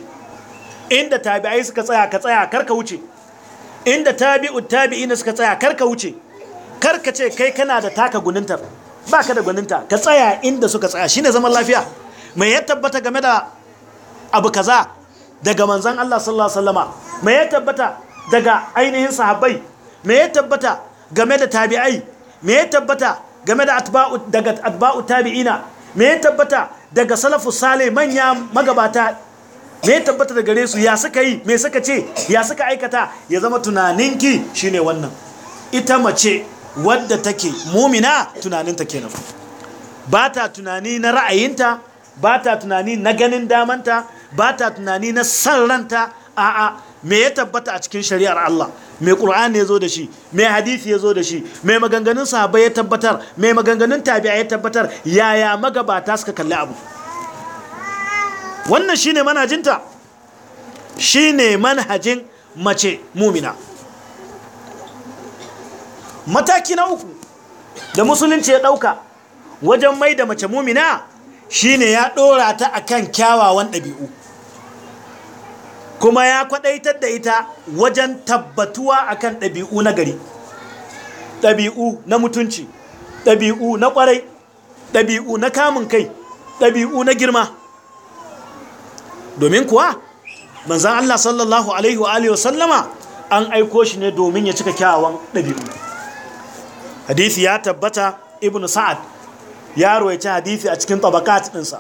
inda tabi'ai suka tsaya ka tsaya kar ka wuce inda tabi'ut tabi'in suka tsaya kar ka wuce kar ka ce kai kana da taka gunintar ba ka da gwaninta ka tsaya inda suka tsaya shine zaman lafiya mai ya tabbata game da abu kaza daga manzan Allah sallallahu alaihi wasallama mai ya tabbata daga ainihin sahabbai mai ya tabbata game da tabi'ai mai ya tabbata game da atba'u daga tabi'ina me ya tabbata daga salafu sale manya magabata me ya tabbata daga resu ya suka yi me suka ce ya suka aikata ya zama tunaninki shine wannan ita mace wadda take mumina tunaninta kenan ba ta tunani na ra'ayinta ba ta tunani na ganin damanta ba ta tunani na san ranta a'a me ya tabbata a cikin shari'ar Allah mai ƙur'ani ya zo da shi mai hadisi ya zo da shi mai maganganun sahabbai ya tabbatar mai maganganun tabi'a ya tabbatar yaya magabata suka kalli abu wannan shine manhajinta shine manhajin mace mumina mataki na uku da musulunci ya ɗauka wajen mai da mace mumina shine ya ɗora ta akan kyawawan ɗabi'u kuma ya kwadaitar da ita wajen tabbatuwa akan ɗabi'u na gari ɗabi'u na mutunci ɗabi'u na ƙwarai ɗabi'u na kamun kai ɗabi'u na girma domin kuwa manzan Allah sallallahu alaihi wa sallama an aiko shi ne domin ya cika kyawawan ɗabi'u Hadithi ya tabbata Ibn sa'ad ya royace hadithi a cikin tabakat ɗinsa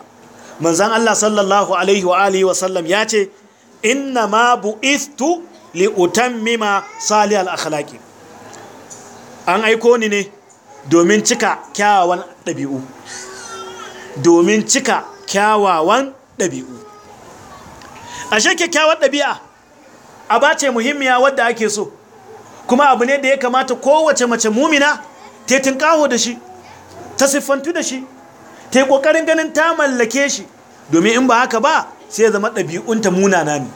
manzan Allah sallallahu alaihi wa sallam ya ce inna ma istu li utammima mima sali an aiko ni ne domin cika kyawawan ɗabi'u domin cika kyawawan ɗabi'u ashe kyakkyawar ɗabi'a aba ce muhimmiya wadda ake so kuma abu ne da ya kamata kowace mace mumina ta tunƙaho da shi ta siffantu da shi ta yi ƙoƙarin ganin ta mallake shi domin in ba haka ba sai zama ɗabi'unta munana ne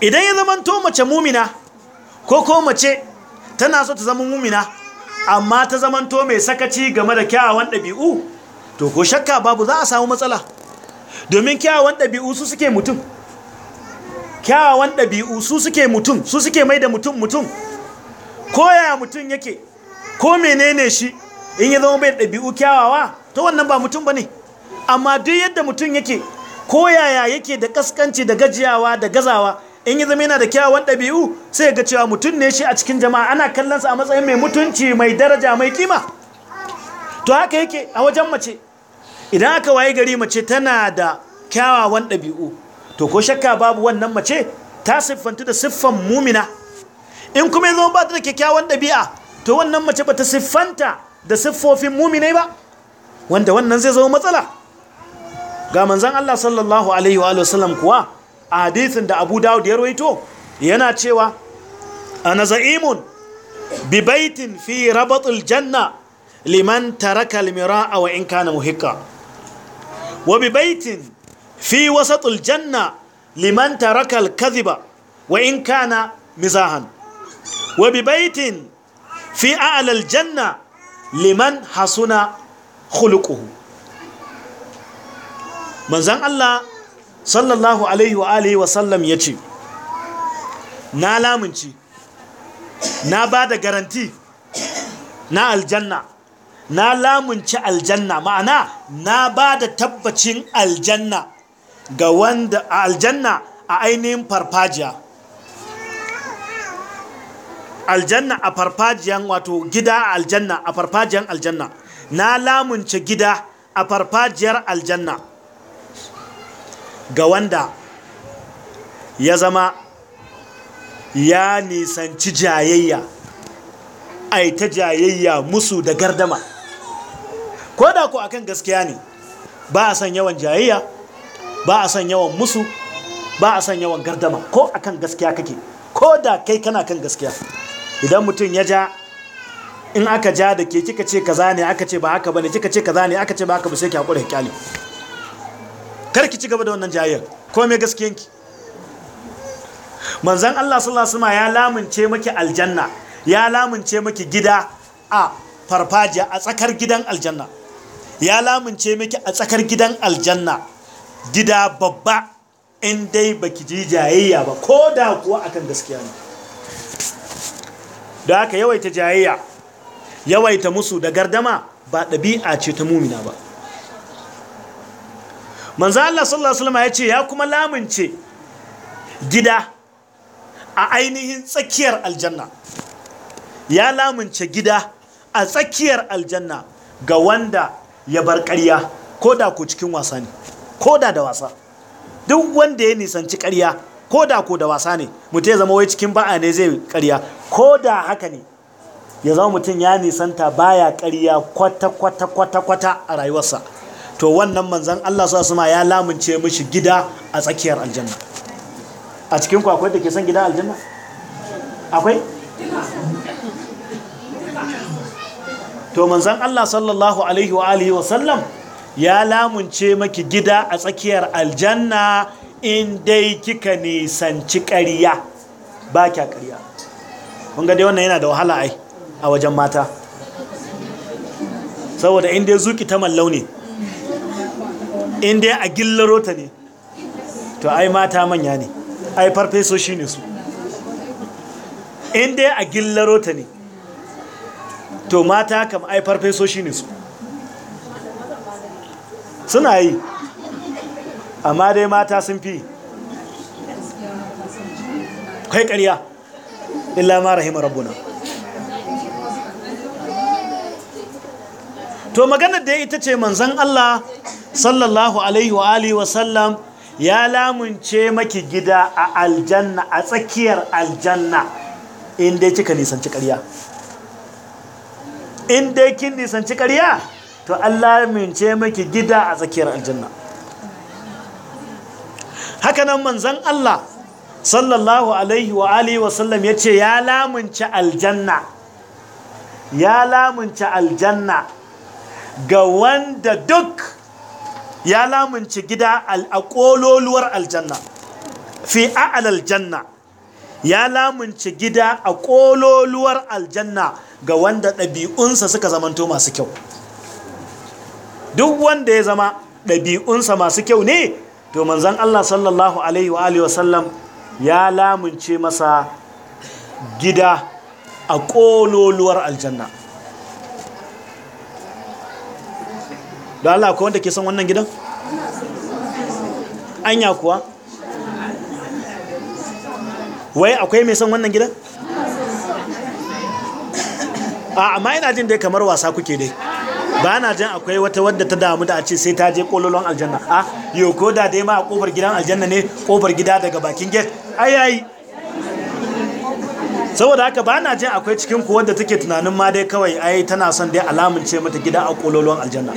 idan ya zama to mace mumina ko ko mace tana so ta zama mumina amma ta zama to mai sakaci game da kyawawan ɗabi'u to ko shakka babu za a samu matsala domin kyawawan ɗabi'u su suke mutum kyawawan ɗabi'u su suke mutum su suke mai da mutum mutum ko yaya mutum yake ko menene shi in ya zama bai ɗabi'u kyawawa to wannan ba mutum ba ne. amma duk yadda mutum yake koyaya yake da kaskanci da gajiyawa da gazawa in yi zama yana da kyawawan ɗabi'u sai ga cewa mutum ne shi a cikin jama'a ana kallonsa a matsayin mai mutunci mai daraja mai kima to haka yake a wajen mace idan aka waye gari mace tana da kyawawan ɗabi'u to ko shakka babu wannan mace ta siffantu da siffan mumina in kuma ya zama ba ta da kyakkyawan ɗabi'a to wannan mace ba ta siffanta da siffofin muminai ba wanda wannan zai zama matsala ga manzan Allah sallallahu alaihi wa sallam kuwa a hadithin da Abu Dawud ya rawaito yana cewa ana za'imun bi baitin fi rabatul janna liman taraka almira'a wa in kana muhiqqa wa bi baitin fi wasatul janna liman taraka alkadhiba wa in kana mizahan wa bi baitin fi a'la aljanna liman hasuna khuluquhu manzon Allah sallallahu alaihi wa alihi wa sallam yace na lamunci na ba da garanti na aljanna na lamunci aljanna ma'ana na ba da tabbacin aljanna ga wanda aljanna a ainihin farfajiya aljanna a farfajiyan wato gida a aljanna a farfajiyan aljanna na lamunce gida a farfajiyar aljanna ga wanda ya zama ya nisanci jayayya A ta jayayya musu da gardama ko da ku akan gaskiya ne ba a san yawan jayayya ba a san yawan musu ba a san yawan gardama ko akan gaskiya kake ko da kai kana kan gaskiya idan mutum ya ja in aka ja da ke kika ce kaza ne aka ce ba haka bane kika ce kaza ne aka ce ba haka ba sai ki hakuri kyale kar ki ci gaba da wannan jayyar ko me gaskiyan ki manzon Allah sallallahu alaihi ya lamunce miki aljanna ya lamunce miki gida a farfajiya a tsakar gidan aljanna ya lamunce miki a tsakar gidan aljanna gida babba in dai baki ji jayayya ba ko da kuwa akan gaskiya ne da aka yawaita jayayya yawaita musu da gardama ba ɗabi'a ce ta mumina ba manzan Allah sallallahu alaihi wasallam ya ce ya kuma lamunce gida a ainihin tsakiyar aljanna ya lamunce gida a tsakiyar aljanna ga wanda ya bar ƙarya ko da ko cikin wasa ne ko da da wasa duk wanda ya nisanci ƙarya ko da ko da wasa ne mutu ya zama wai cikin ba'a ne zai ƙarya ko da haka ne ya zama mutum ya nisanta baya ƙarya kwata-kwata-kwata-kwata a rayuwarsa to wannan manzan Allah su asuma ya lamunce mishi gida a tsakiyar aljanna a cikin kwakwai da ke son gida aljanna akwai to manzan Allah sallallahu alaihi wa alihi wa sallam ya lamunce maki gida a tsakiyar aljanna in dai kika nisanci ƙarya ba kya ƙarya kun ga dai wannan yana da wahala ai a wajen mata saboda inda zuki ta mallau ne inda a gillaro ta ne to ai mata manya ne ai farfeso shi ne su inda a gillaro ta ne to mata kam ai farfeso shi ne su suna yi amma dai mata sun fi kai ƙarya illa ma rahimar rabbuna to maganar da ita ce manzan Allah sallallahu alaihi wa alihi wa sallam ya lamunce maki gida a aljanna a tsakiyar aljanna inda cika nisanci ƙarya inda kin nisanci ƙarya to Allah lamunce maki gida a tsakiyar aljanna hakanan manzan Allah sallallahu alaihi wa alihi wa sallam ya ce ya lamunce aljanna ya lamunce aljanna ga wanda duk ya lamunci gida al'akololuwar aljanna fi a'alal ya lamunci gida a ƙololuwar aljanna ga wanda ɗabi'unsa suka zamanto masu kyau duk wanda ya zama ɗabi'unsa masu kyau ne to manzan Allah sallallahu alaihi wa wasallam ya lamunce masa gida a ƙololuwar aljanna don Allah akwai wanda ke son wannan gidan anya kuwa wai akwai mai son wannan gidan a amma yana jin dai kamar wasa kuke dai ba na jin akwai wata wadda ta damu da a ce sai ta je kololon aljanna a yoko da dai ma a kofar gidan aljanna ne kofar gida daga bakin gate ayayi saboda haka ba na jin akwai cikin kuwa wadda take tunanin ma dai kawai ai tana son dai alamun ce mata gida a kololon aljanna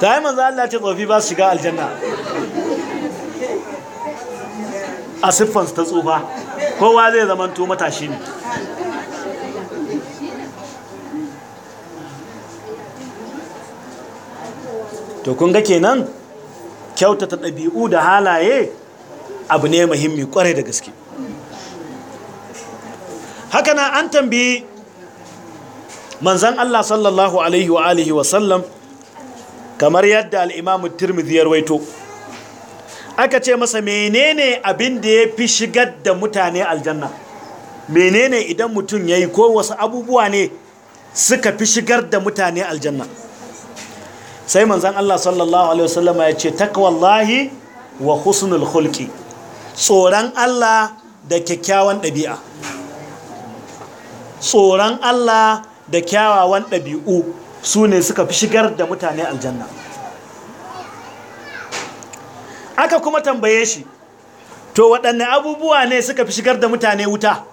ta manzo Allah ce tsofi ba su shiga aljanna a siffansu ta tsufa kowa zai zamanto matashi ne to kun ga kenan kyautata ɗabi'u da halaye abu ne muhimmi kwarai da gaske haka na an tambayi manzan Allah sallallahu alaihi wa alihi wa kamar yadda al'imamu tirmidhi ya aka ce masa menene abin da ya fi shigar da mutane aljanna menene idan mutum ya yi ko wasu abubuwa ne suka fi shigar da mutane aljanna sai manzan Allah sallallahu alaihi wasallam ya ce takwallahi wa husnul hulki. tsoron Allah da kyakkyawan ɗabi'a tsoron Allah da kyawawan ɗabi'u su ne suka fi shigar da mutane aljanna aka kuma tambaye shi to waɗanne abubuwa ne suka fi shigar da mutane wuta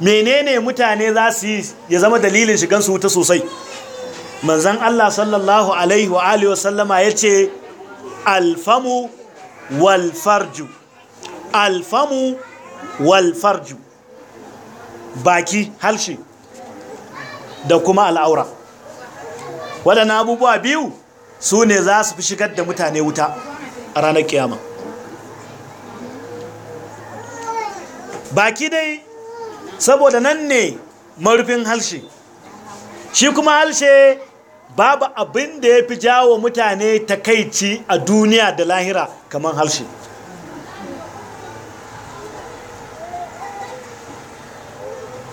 menene mutane za su yi ya zama dalilin shigansu wuta sosai manzan Allah sallallahu alaihi wa wasallama ya ce alfamu walfarju alfamu walfarju baki halshe da kuma al'aura waɗannan abubuwa biyu su ne za su fi shigar da mutane wuta a ranar kiyama baki dai saboda nan ne marufin halshe shi kuma halshe babu abin da ya fi jawo mutane takaici a duniya da lahira kamar halshe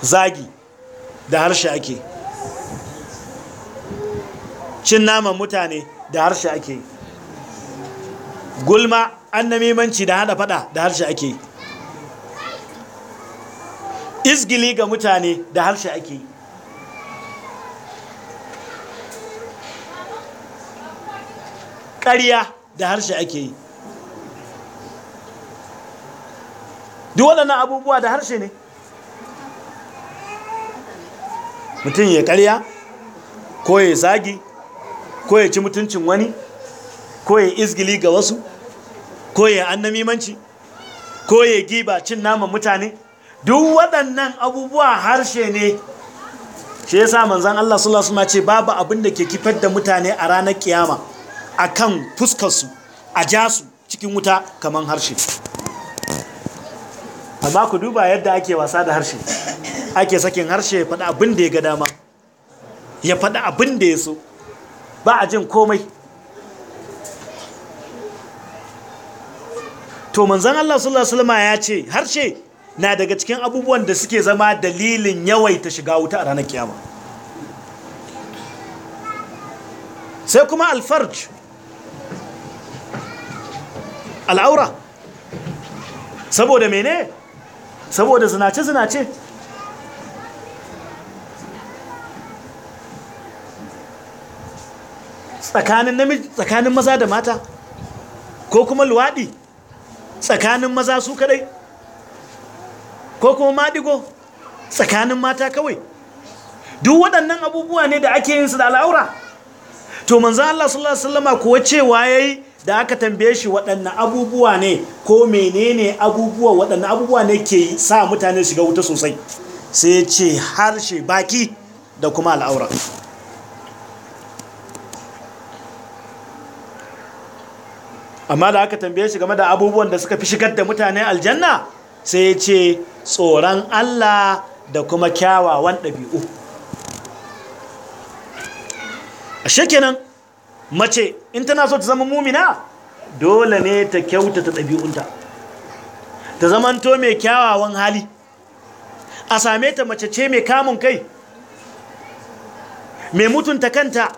zagi da harshe ake cin naman mutane da harshe ake gulma an namimanci da hada fada da harshe ake izgili ga mutane da harshe ake ƙarya da harshe ake yi duk waɗannan abubuwa da harshe ne mutum ya karya ko ya zagi ko ya ci mutuncin wani ko ya izgili ga wasu ko ya annamimanci ko ya giba cin naman mutane duk waɗannan abubuwa harshe ne shi yasa manzan Allah sallallahu alaihi ce babu abin da ke kifar da mutane a ranar kiyama akan fuskar su a jasu cikin wuta kaman harshe amma ku duba yadda ake wasa da harshe ake sakin harshe ya abin da ya ga dama ya faɗi abin da ya so ba a jin komai to manzan Allah sallallahu alaihi ya ce harshe na daga cikin abubuwan da suke zama dalilin yawaita shiga wuta a ranar kiyama sai kuma alfarj al'aura saboda mene saboda zinace-zinace tsakanin maza da mata ko kuma luwaɗi tsakanin maza su kadai ko kuma maɗigo tsakanin mata kawai duk waɗannan abubuwa ne da ake yin su da al'aura to manzan Allah sallallahu alaihi wasallama kuwa cewa yayi da aka tambaye shi waɗanne abubuwa ne ko menene abubuwa waɗanne abubuwa ne ke sa mutane shiga wuta sosai sai ce harshe baki da kuma al'aura amma da aka tambaye shi game da abubuwan da suka fi shigar da mutane aljanna sai ce tsoron Allah da kuma kyawawan ɗabi'u a shekenan mace in tana so ta zama mumina dole ne ta kyautata ɗabi'unta ta zamanto mai kyawawan hali a same ta mace ce mai kamun kai mai mutunta kanta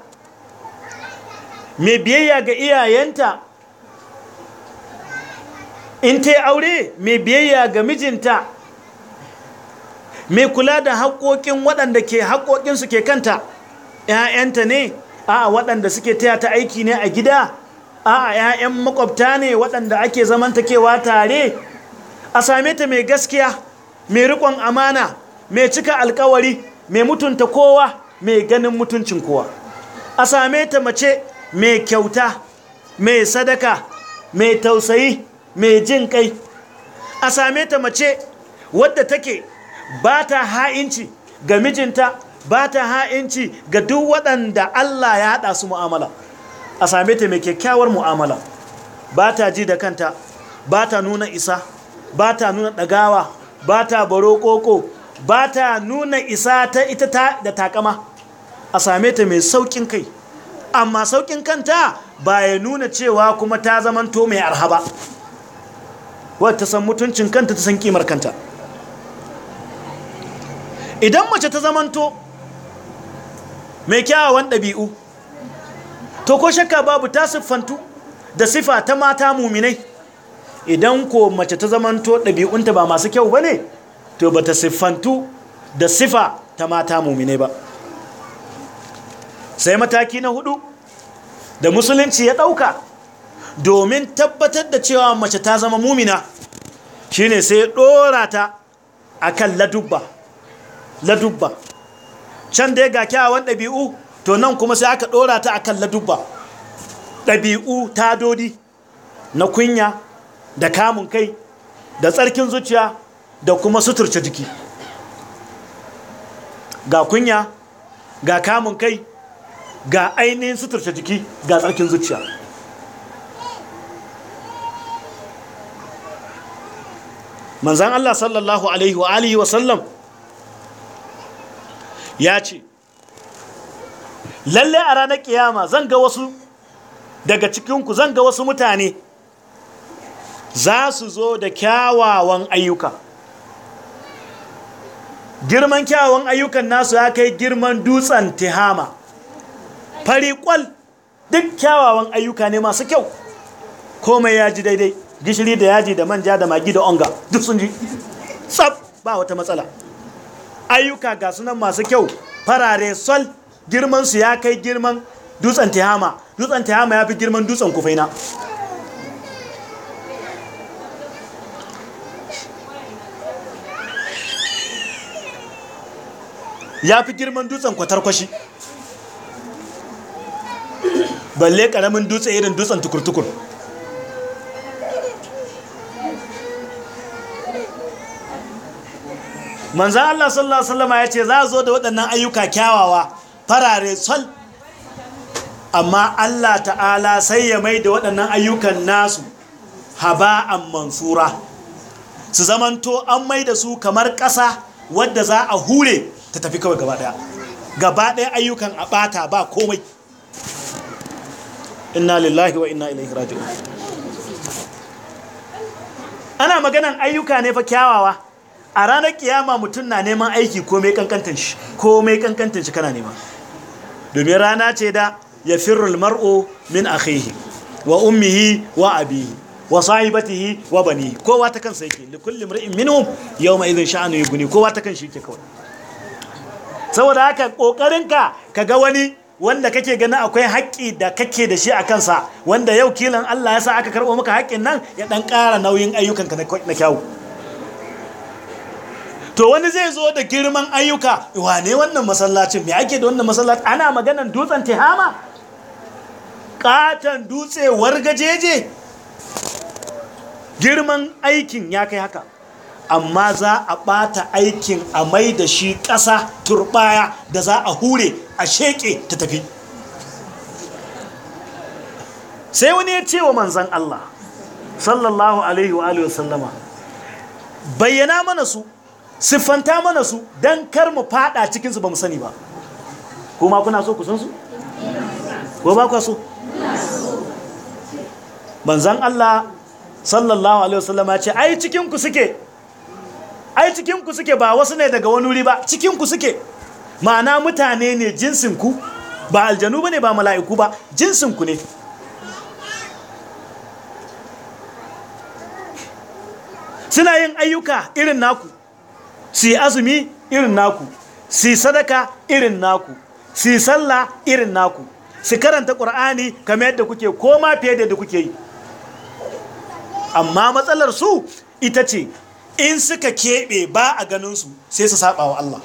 mai biyayya ga iyayenta in ta yi aure mai biyayya ga mijinta mai kula da haƙoƙin waɗanda ke haƙoƙinsu ke kanta ‘ya'yanta ne a waɗanda suke taya ta aiki ne a gida a ‘ya'yan makwabta ne waɗanda ake zamantakewa tare a same ta mai gaskiya mai riƙon amana mai cika alkawari mai mutunta kowa mai ganin mutuncin kowa a same ta mace mai kyauta mai sadaka mai tausayi mai jin kai a same ta mace wadda take ba ta ha'inci ga mijinta ba ta ha'inci ga duk waɗanda Allah ya haɗa su mu'amala a same ta mai kyakkyawar mu'amala ba ta ji da kanta ba ta nuna isa ba ta nuna ɗagawa ba ta baro ƙoƙo ba ta nuna isa ta ita ta da takama a same ta mai sauƙin kai amma sauƙin kanta ba ya nuna cewa kuma ta zamanto mai arhaba wadda ta san mutuncin kanta ta san kimar kanta idan mace ta zamanto mai kyawawan ɗabi'u to ko shakka babu ta siffantu da sifa ta mata muminai idan ko mace ta zamanto ɗabi'unta ba masu kyau ba ne to ba ta siffantu da sifa ta mata muminai ba sai mataki na hudu da musulunci ya ɗauka domin tabbatar da cewa mace ta zama mumina shine sai ya ɗora ta a kan ladubba ladubba can da ya ga kyawawan ɗabi'u to nan kuma sai aka ɗora ta kan ladubba ɗabi'u ta dodi na kunya da kamun kai da tsarkin zuciya da kuma suturce jiki ga kunya ga kamun kai ga ainihin suturce jiki ga tsarkin zuciya manzan Allah sallallahu alaihi wa ya ce lalle a ranar kiyama zan ga wasu daga cikinku zan ga wasu mutane za su zo da kyawawan ayyuka girman kyawawan ayyukan nasu ya kai girman dutsen tihama Fari fariƙwal duk kyawawan ayyuka ne masu kyau komai ya ji daidai gishiri da yaji da manja da magi da onga duk sun ji tsab ba wata matsala ayyuka ga sunan masu kyau farare sol girman su ya kai girman dutsen tihama dutsen tihama ya fi girman dutsen kufaina ya fi girman dutsen kwatarkwashi balle karamin dutse irin dutsen tukur-tukur manzan Allah sallallahu Alaihi wasallama ya ce za a zo da waɗannan ayyuka kyawawa farare sol amma Allah ta'ala sai ya mai da waɗannan ayyukan nasu haba'an mansura su zamanto an mai da su kamar ƙasa wadda za a hure ta tafi kawai gaba ɗaya gaba ɗaya ayyukan a ɓata ba komai inna lillahi wa inna ilaihi raji'un ana maganan ayyuka ne fa kyawawa a ranar kiyama mutum na neman aiki komai kankantar shi komai kankantar shi kana nema domin rana ce da ya firul mar'o min akhihi wa ummihi wa abihi wa sahibatihi wa bani kowa ta kansa yake li kulli mar'in minhum yawma idhin sha'anu yughni kowa ta kansa yake kawai saboda haka ka kaga wani wanda kake gani akwai haƙƙi da kake da shi a kansa wanda yau kilan Allah ya sa aka karɓo maka haƙƙin nan ya ɗan ƙara nauyin ayyukanka na kyau. to wani zai zo da girman ayyuka wane wannan masallacin mai ake da wannan masallacin ana maganan dutsen Tehama. katon dutse wargajeje girman aikin ya kai haka amma za a ɓata aikin a mai da shi ƙasa turbaya da za a hure a sheƙe ta tafi sai wani ya ce wa manzan Allah sallallahu alaihi wa sallama bayyana mana su siffanta mana su don kar mu fada cikinsu ba mu sani ba kuma kuna so ku san su? ko ba kwa so? manzan Allah sallallahu alaihi wasallama ce ai cikinku suke ai cikinku suke ba wasu ne daga wani wuri ba cikinku suke ma'ana mutane ne jinsinku ba aljanu ba ne ba mala'iku ba jinsinku ne suna yin ayyuka irin naku si azumi irin naku si sadaka irin naku si sallah irin naku su karanta ƙur'ani kamar yadda kuke koma fiye da yadda kuke yi amma matsalar su ita ce in suka keɓe ba a ganinsu sai su saba wa Allah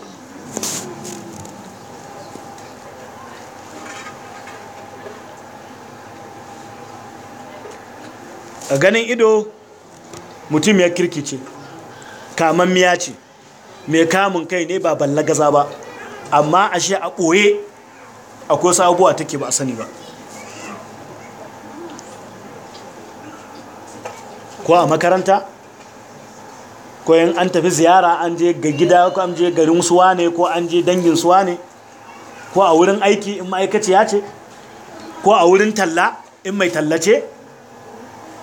a ganin ido mutum ya kirkice kamammiya ce mai kamun kai ne ba ballagaza ba amma ashe a ɓoye akwai wasu abubuwa take ba a sani ba ko a makaranta ko yin an tafi ziyara an je ga gida ko an je garin suwa ne ko an je dangin suwa ne ko a wurin aiki in ma'aikaciya ce ko a wurin talla in mai tallace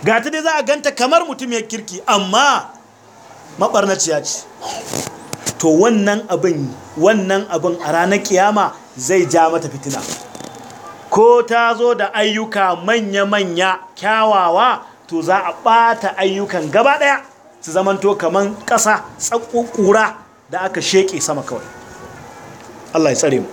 ga ta dai za a ganta kamar mutum ya kirki amma maɓarnaciya ce to wannan abin wannan abin a ranar kiyama zai ja mata fitina ko ta zo da ayyuka manya-manya kyawawa to za a ɓata ayyukan gaba ɗaya su zamanto kaman ƙasa tsakukura da aka sheƙe sama kawai Allah ya tsare mu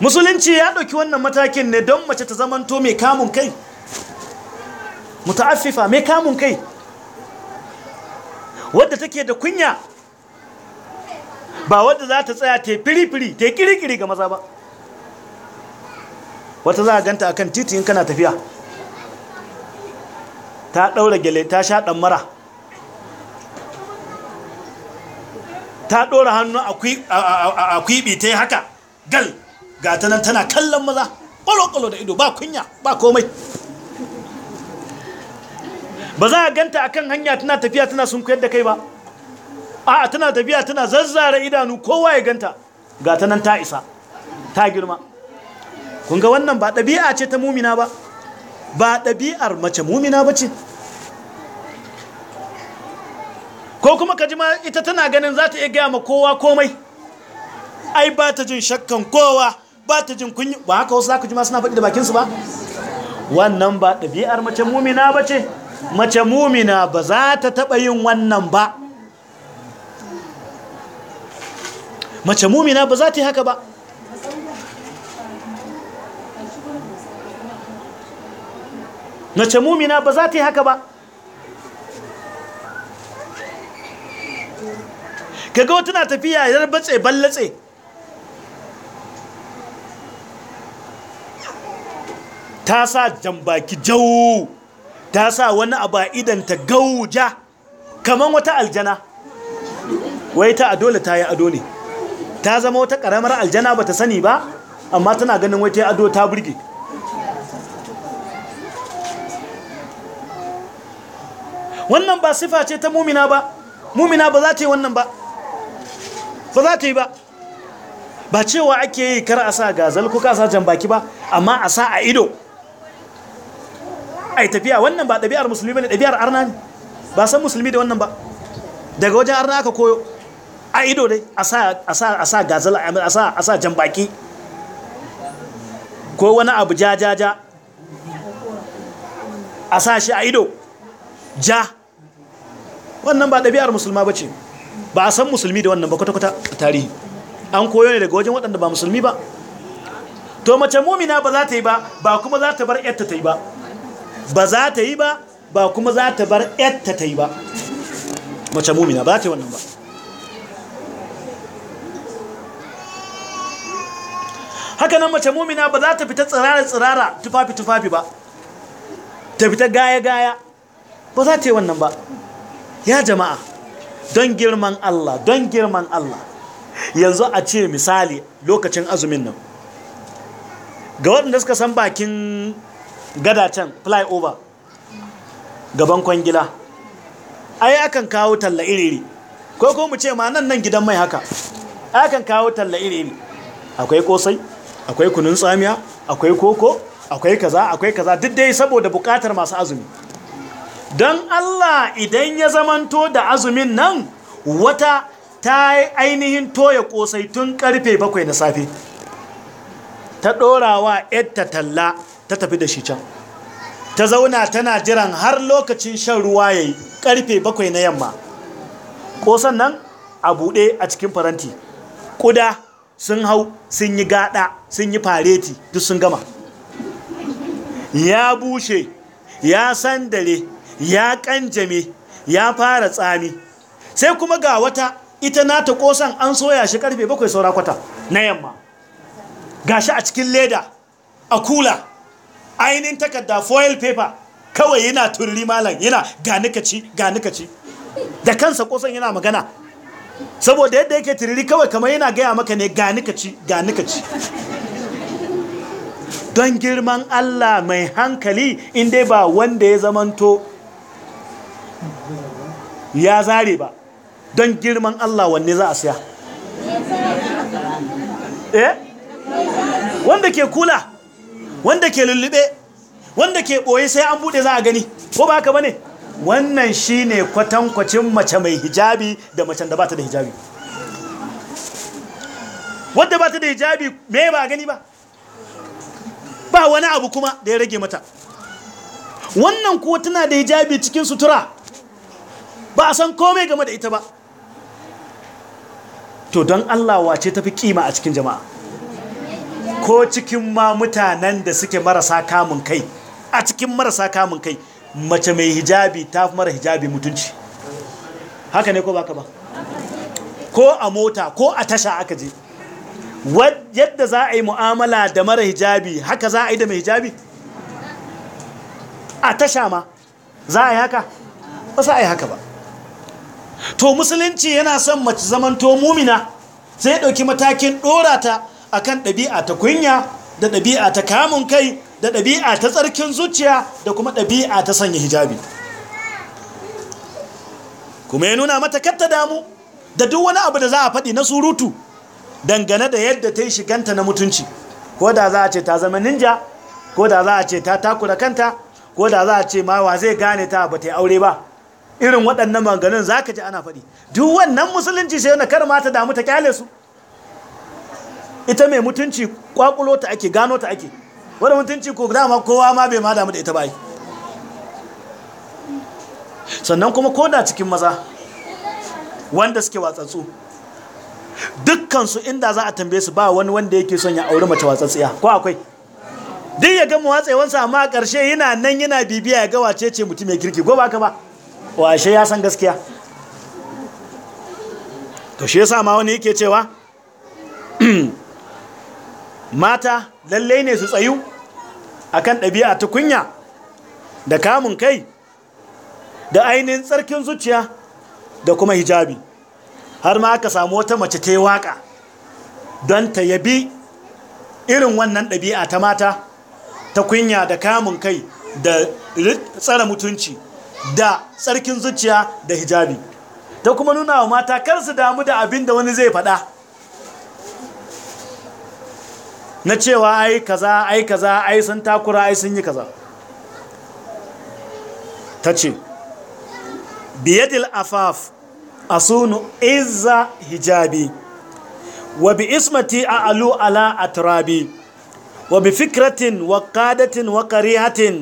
musulunci ya ɗauki wannan matakin ne don mace ta zamanto mai kamun kai muta'affifa mai kamun kai wadda take da kunya ba wadda za ta tsaya ta firifiri te kirikiri ga maza ba wata za a ganta akan titi in kana tafiya ta ɗaura gele ta sha ɗammara ta ɗora hannu a kwibi ta yi haka gal ga ta nan tana kallon maza ƙwalo-ƙwalo da ido ba kunya ba komai ba za a ganta akan hanya tana tafiya tana sun kuyar da kai ba a'a tana tafiya tana zazzara idanu kowa ya ganta ga ta nan ta isa ta girma kun ga wannan ba ɗabi'a ce ta mumina ba ba ɗabi'ar mace mumina ba ce ko kuma ka ji ma ita tana ganin za ta iya gaya ma kowa komai ai ba ta jin shakkan kowa ba ta jin kunyi ba haka wasu za ka ji ma suna faɗi da bakinsu ba wannan ba ɗabi'ar mace mumina ba ce mace mumina ba za ta taɓa yin wannan ba mace mumina ba za ta yi haka ba mace mumina ba za ta yi haka ba kaga wata na tafiya ya batse ballatse ta sa jambaki jau. ta sa wani abu a idanta gauja kamar wata aljana wai ta a dole ta yi ado ne ta zama wata karamar aljana ba ta sani ba amma tana ganin wata ado ta burge wannan ba sifa ce ta mumina ba mumina ba za ta yi wannan ba ba za ta yi ba ba cewa ake yi kar a sa gazal ko ka sa jan baki ba amma a sa a ido ai tafiya wannan ba ɗabi'ar musulmi bane ɗabi'ar arna ne ba san musulmi da wannan ba daga wajen arna aka koyo a ido dai a sa gazala a sa jan baki ko wani abu ja ja ja a sa shi a ido ja wannan ba ɗabi'ar musulma ba ce ba a san musulmi da wannan ba kwata-kwata tarihi an koyo ne daga wajen waɗanda ba musulmi ba to mace mumina ba za ta yi ba ba kuma za ta bar yadda ta yi ba ba za ta yi ba ba kuma za ta bar yatta ta yi ba mace mumina ba za ta yi wannan ba haka nan mace mumina ba za ta fita tsirara-tsirara tufafi-tufafi ba ta fita gaya-gaya ba za ta yi wannan ba ya jama'a don girman Allah don girman Allah yanzu a ce misali lokacin azumin nan ga waɗanda suka san bakin gada can flyover gaban kwangila ai akan kawo talla iri ko ko mu ce ma nan nan gidan mai haka akan kawo talla iri akwai kosai akwai kunun tsamiya akwai koko akwai kaza akwai kaza duk dai saboda bukatar masu azumi don Allah idan ya zamanto da azumin nan wata ta yi ainihin toya kosai tun karfe bakwai na safe ta ɗorawa yadda talla ta tafi da shi can ta zauna tana jiran har lokacin shan ruwa ya yi ƙarfe bakwai na yamma ƙosan nan a buɗe a cikin faranti ƙuda sun hau sun yi gaɗa sun yi fareti duk sun gama ya bushe ya sandare ya ƙanjame ya fara tsami sai kuma ga wata ita nata ƙosan an soya shi ƙarfe bakwai saura kwata na yamma ga shi a cikin leda a kula ainihin takarda foil paper kawai yana turri malam yana ganikaci ganikaci da kansa kosan yana magana saboda yadda yake turri kawai kamar yana gaya maka ne ganikaci ganikaci don girman Allah mai hankali inda ba wanda ya zamanto ya zare ba don girman Allah wanne za a siya eh wanda ke kula wanda ke lullube wanda ke ɓoye sai an bude za a gani ko ba haka ba ne wannan shi ne kwatankwacin mace mai hijabi da macen da ba ta da hijabi wadda ba ta da hijabi me ba gani ba ba wani abu kuma da ya rage mata wannan kuwa tana da hijabi cikin sutura ba a san komai game da ita ba to don Allah wace tafi kima a cikin jama'a ko cikin ma mutanen da suke marasa kamun kai a cikin marasa kamun kai mace mai hijabi ta fi mara hijabi mutunci haka ne ko baka ba ko a mota ko a tasha aka je yadda za a yi mu'amala da mara hijabi haka za a yi da mai hijabi a tasha ma za a yi haka ba za a yi haka ba to musulunci yana son mace zamanto mumina sai ya ɗauki matakin ɗorata akan ɗabi'a ta kunya da ɗabi'a ta kamun kai da ɗabi'a ta tsarkin zuciya da kuma ɗabi'a ta sanya hijabi kuma ya nuna mata katta damu da duk wani abu da za a faɗi na surutu dangane da yadda ta yi shiganta na mutunci ko da za a ce ta zama ninja ko da za a ce ta takura kanta ko da za a ce ma wa zai gane ta ba ta yi aure ba irin waɗannan maganin za ka ji ana faɗi duk wannan musulunci sai na kar ma damu ta kyale su ita mai mutunci kwakulo ta ake gano ta ake wadda mutunci ko dama kowa ma bai ma damu da ita ba sannan kuma koda cikin maza wanda suke watsatsu dukkansu inda za a tambaye su ba wani wanda yake son ya auri mace watsatsiya ko akwai duk ya gama watsewansa amma a ƙarshe yana nan yana bibiya ya ga wace ce mutum ya kirki ko ba ka ba washe ya san gaskiya to shi yasa ma wani yake cewa [CLEARS THROAT] mata lallai ne su tsayu a kan ɗabi'a ta kunya da kamun kai da ainihin tsarkin zuciya da kuma hijabi har ma aka samu wata mace ta yi waƙa don ta yabi irin wannan ɗabi'a ta mata ta kunya da kamun kai da tsara mutunci da tsarkin zuciya da hijabi ta kuma nuna wa mata kar su damu da abin da wani zai faɗa na cewa ai kaza ai kaza ai sun takura ai sun yi kaza ta ce biyadil afaf asunu izza hijabi wa bi ismati a alu ala turabi. wa bi fikratin wa qadatin wa karihatin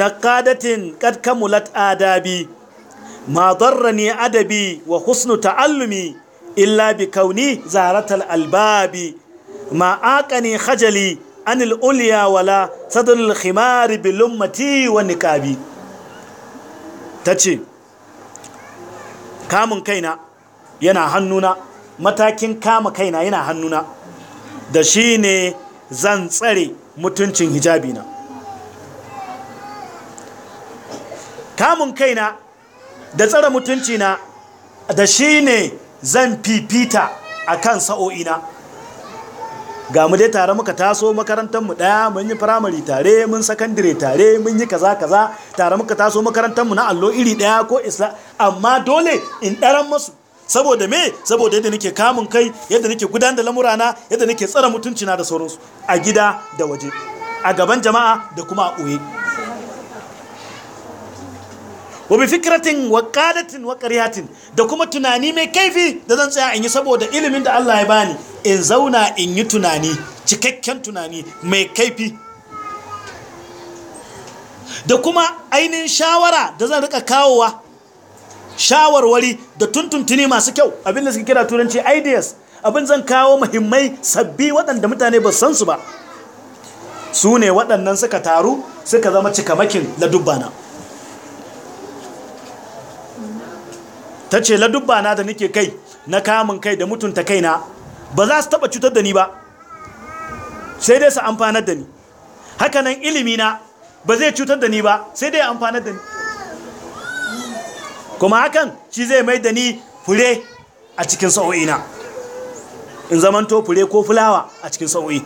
naqadatin qad kamulat adabi ma darrani adabi wa husnu ta'allumi illa bi kauni zaratal albabi ma aqani khajali anil uliya wala sadrul khimar bil ummati wa Ta tace kamun kaina yana hannuna matakin kama kaina yana hannuna da shi ne zan tsare mutuncin hijabina kamun kaina da tsare mutuncina da shi ne zan fifita a kan sa'o'ina ga mu dai tare muka taso makarantar mu daya mun yi firamare tare mun secondary tare mun yi kaza kaza tare muka taso makarantar mu na allo iri daya ko isa amma dole in ɗaran masu saboda me saboda yadda nake kamun kai yadda nake gudanar da lamurana yadda nake tsara mutuncina da sauransu a gida da waje a gaban jama'a da kuma a ɓoye wa bi fikratin wa qalatin wa qariyatin da kuma tunani mai kaifi da zan tsaya in yi saboda ilimin da Allah ya bani in zauna in yi tunani cikakken tunani mai kaifi da kuma ainihin shawara da zan rika kawowa shawarwari da tuntuntuni masu kyau abin suke kira turanci ideas abin zan kawo muhimmai sabbi waɗanda mutane ba san su ba su ne waɗannan suka taru suka zama cikamakin ladubbana ta ce ladubba na da nake kai na kamun kai da mutunta kaina ba za su taba cutar da ni ba sai dai su amfanar da ni hakanan ilimi na ba zai cutar da ni ba sai dai amfanar da ni kuma hakan shi zai mai da ni fure a cikin na in zamanto fure ko fulawa a cikin sa'o'i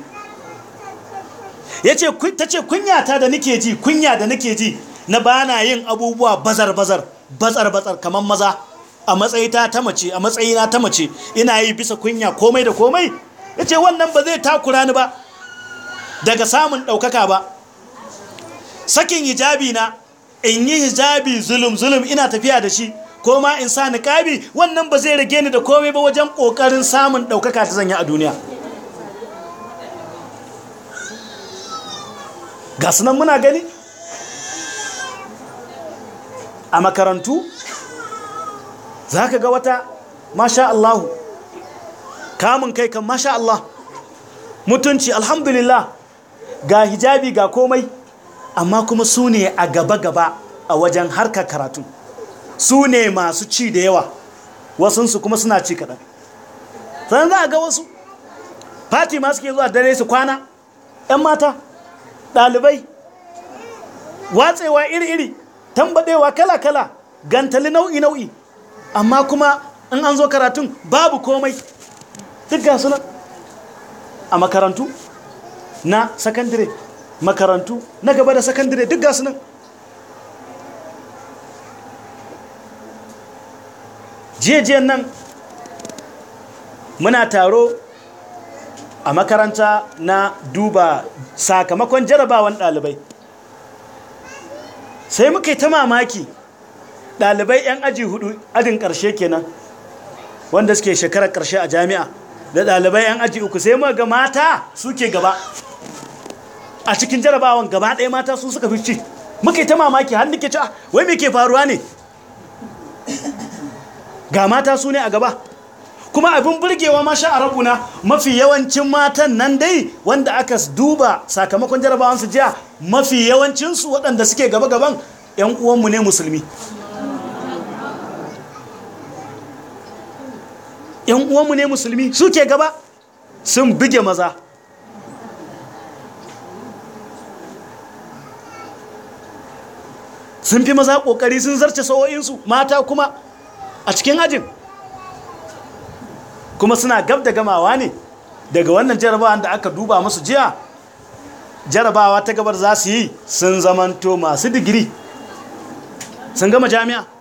ta ce kunyata da nake ji kunya da nake ji na bana yin abubuwa bazar bazar bazar bazar kamar maza a matsayita ta mace a matsayina ta mace ina yi bisa kunya komai da komai yace wannan ba zai takura ni ba daga samun ɗaukaka ba sakin hijabi na in yi hijabi zulum zulum ina tafiya da shi ko ma in sa niqabi wannan ba zai rage ni da komai ba wajen kokarin samun ɗaukaka ta zanya a duniya ga sunan muna gani a makarantu za ka ga wata masha Allahu kamun kai kan masha Allah mutunci alhamdulillah ga hijabi ga komai amma kuma su ne a gaba-gaba a wajen harkar karatu su ne masu ci da yawa wasunsu kuma suna ci kaɗan sannan za a ga wasu fati ma suke zuwa dare su kwana 'yan mata ɗalibai watsewa iri-iri tambadewa kala-kala gantali nau'i-nau'i amma kuma in an zo karatun babu komai duk ga sunan a makarantu na sakandire makarantu na gaba da sakandire duk ga sunan jiyajiyan nan muna taro a makaranta na duba sakamakon jarabawan ɗalibai sai muka yi ta mamaki dalibai 'yan aji hudu ajin ƙarshe kenan wanda suke shekarar karshe a jami'a da dalibai 'yan aji uku sai mu ga mata suke gaba a cikin jarabawan gaba ɗaya mata su suka fi ci muka ta mamaki har nake ci ah, wai me ke faruwa ne ga mata su ne a gaba kuma abin burgewa sha a na mafi yawancin matan nan dai wanda aka duba sakamakon su jiya mafi yawancinsu waɗanda suke gaba-gaban 'yan uwanmu ne musulmi yan uwanmu ne musulmi suke gaba sun buge maza sun fi maza kokari sun zarce sa'o'insu mata kuma a cikin ajin kuma suna gab da gamawa ne daga wannan jarabawan da aka duba musu jiya jarabawa ta gabar za su yi sun zamanto masu digiri sun gama jami'a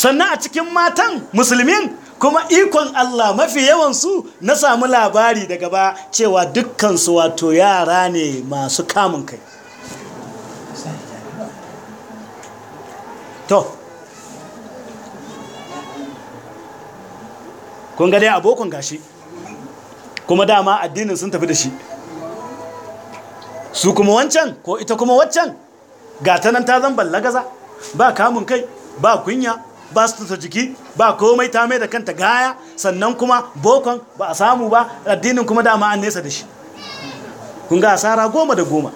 sannan a cikin matan musulmin kuma ikon Allah mafi yawansu na samu labari daga ba cewa dukkansu wato yara ne masu kamun kai to kun ga dai abokan gashi kuma dama addinin sun tafi da shi su kuma wancan ko ita kuma waccan gata nan ta zan ballagaza ba kamun kai ba kunya ba su tutar jiki ba komai ta mai da kanta gaya sannan kuma bokon ba a samu ba addinin kuma dama an nesa da shi kun ga asara goma da goma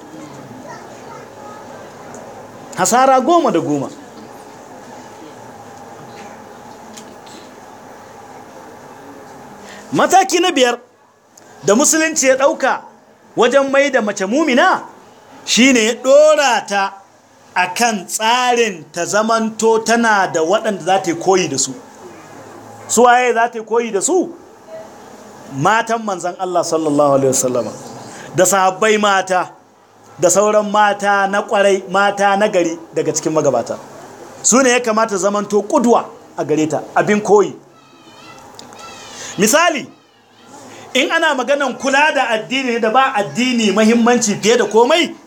hasara goma da goma mataki na biyar da musulunci ya ɗauka wajen mai da mace mumina shine ya ɗora ta akan tsarin ta zamanto tana da waɗanda za ta koyi da su suwaye za ta koyi da su matan manzan Allah sallallahu alaihi wasallama da sahabbai mata da sauran mata na ƙwarai mata na gari daga cikin magabata su ne ya kamata zamanto ƙudwa a gare ta abin koyi misali in ana maganan kula da addini da ba addini mahimmanci fiye da komai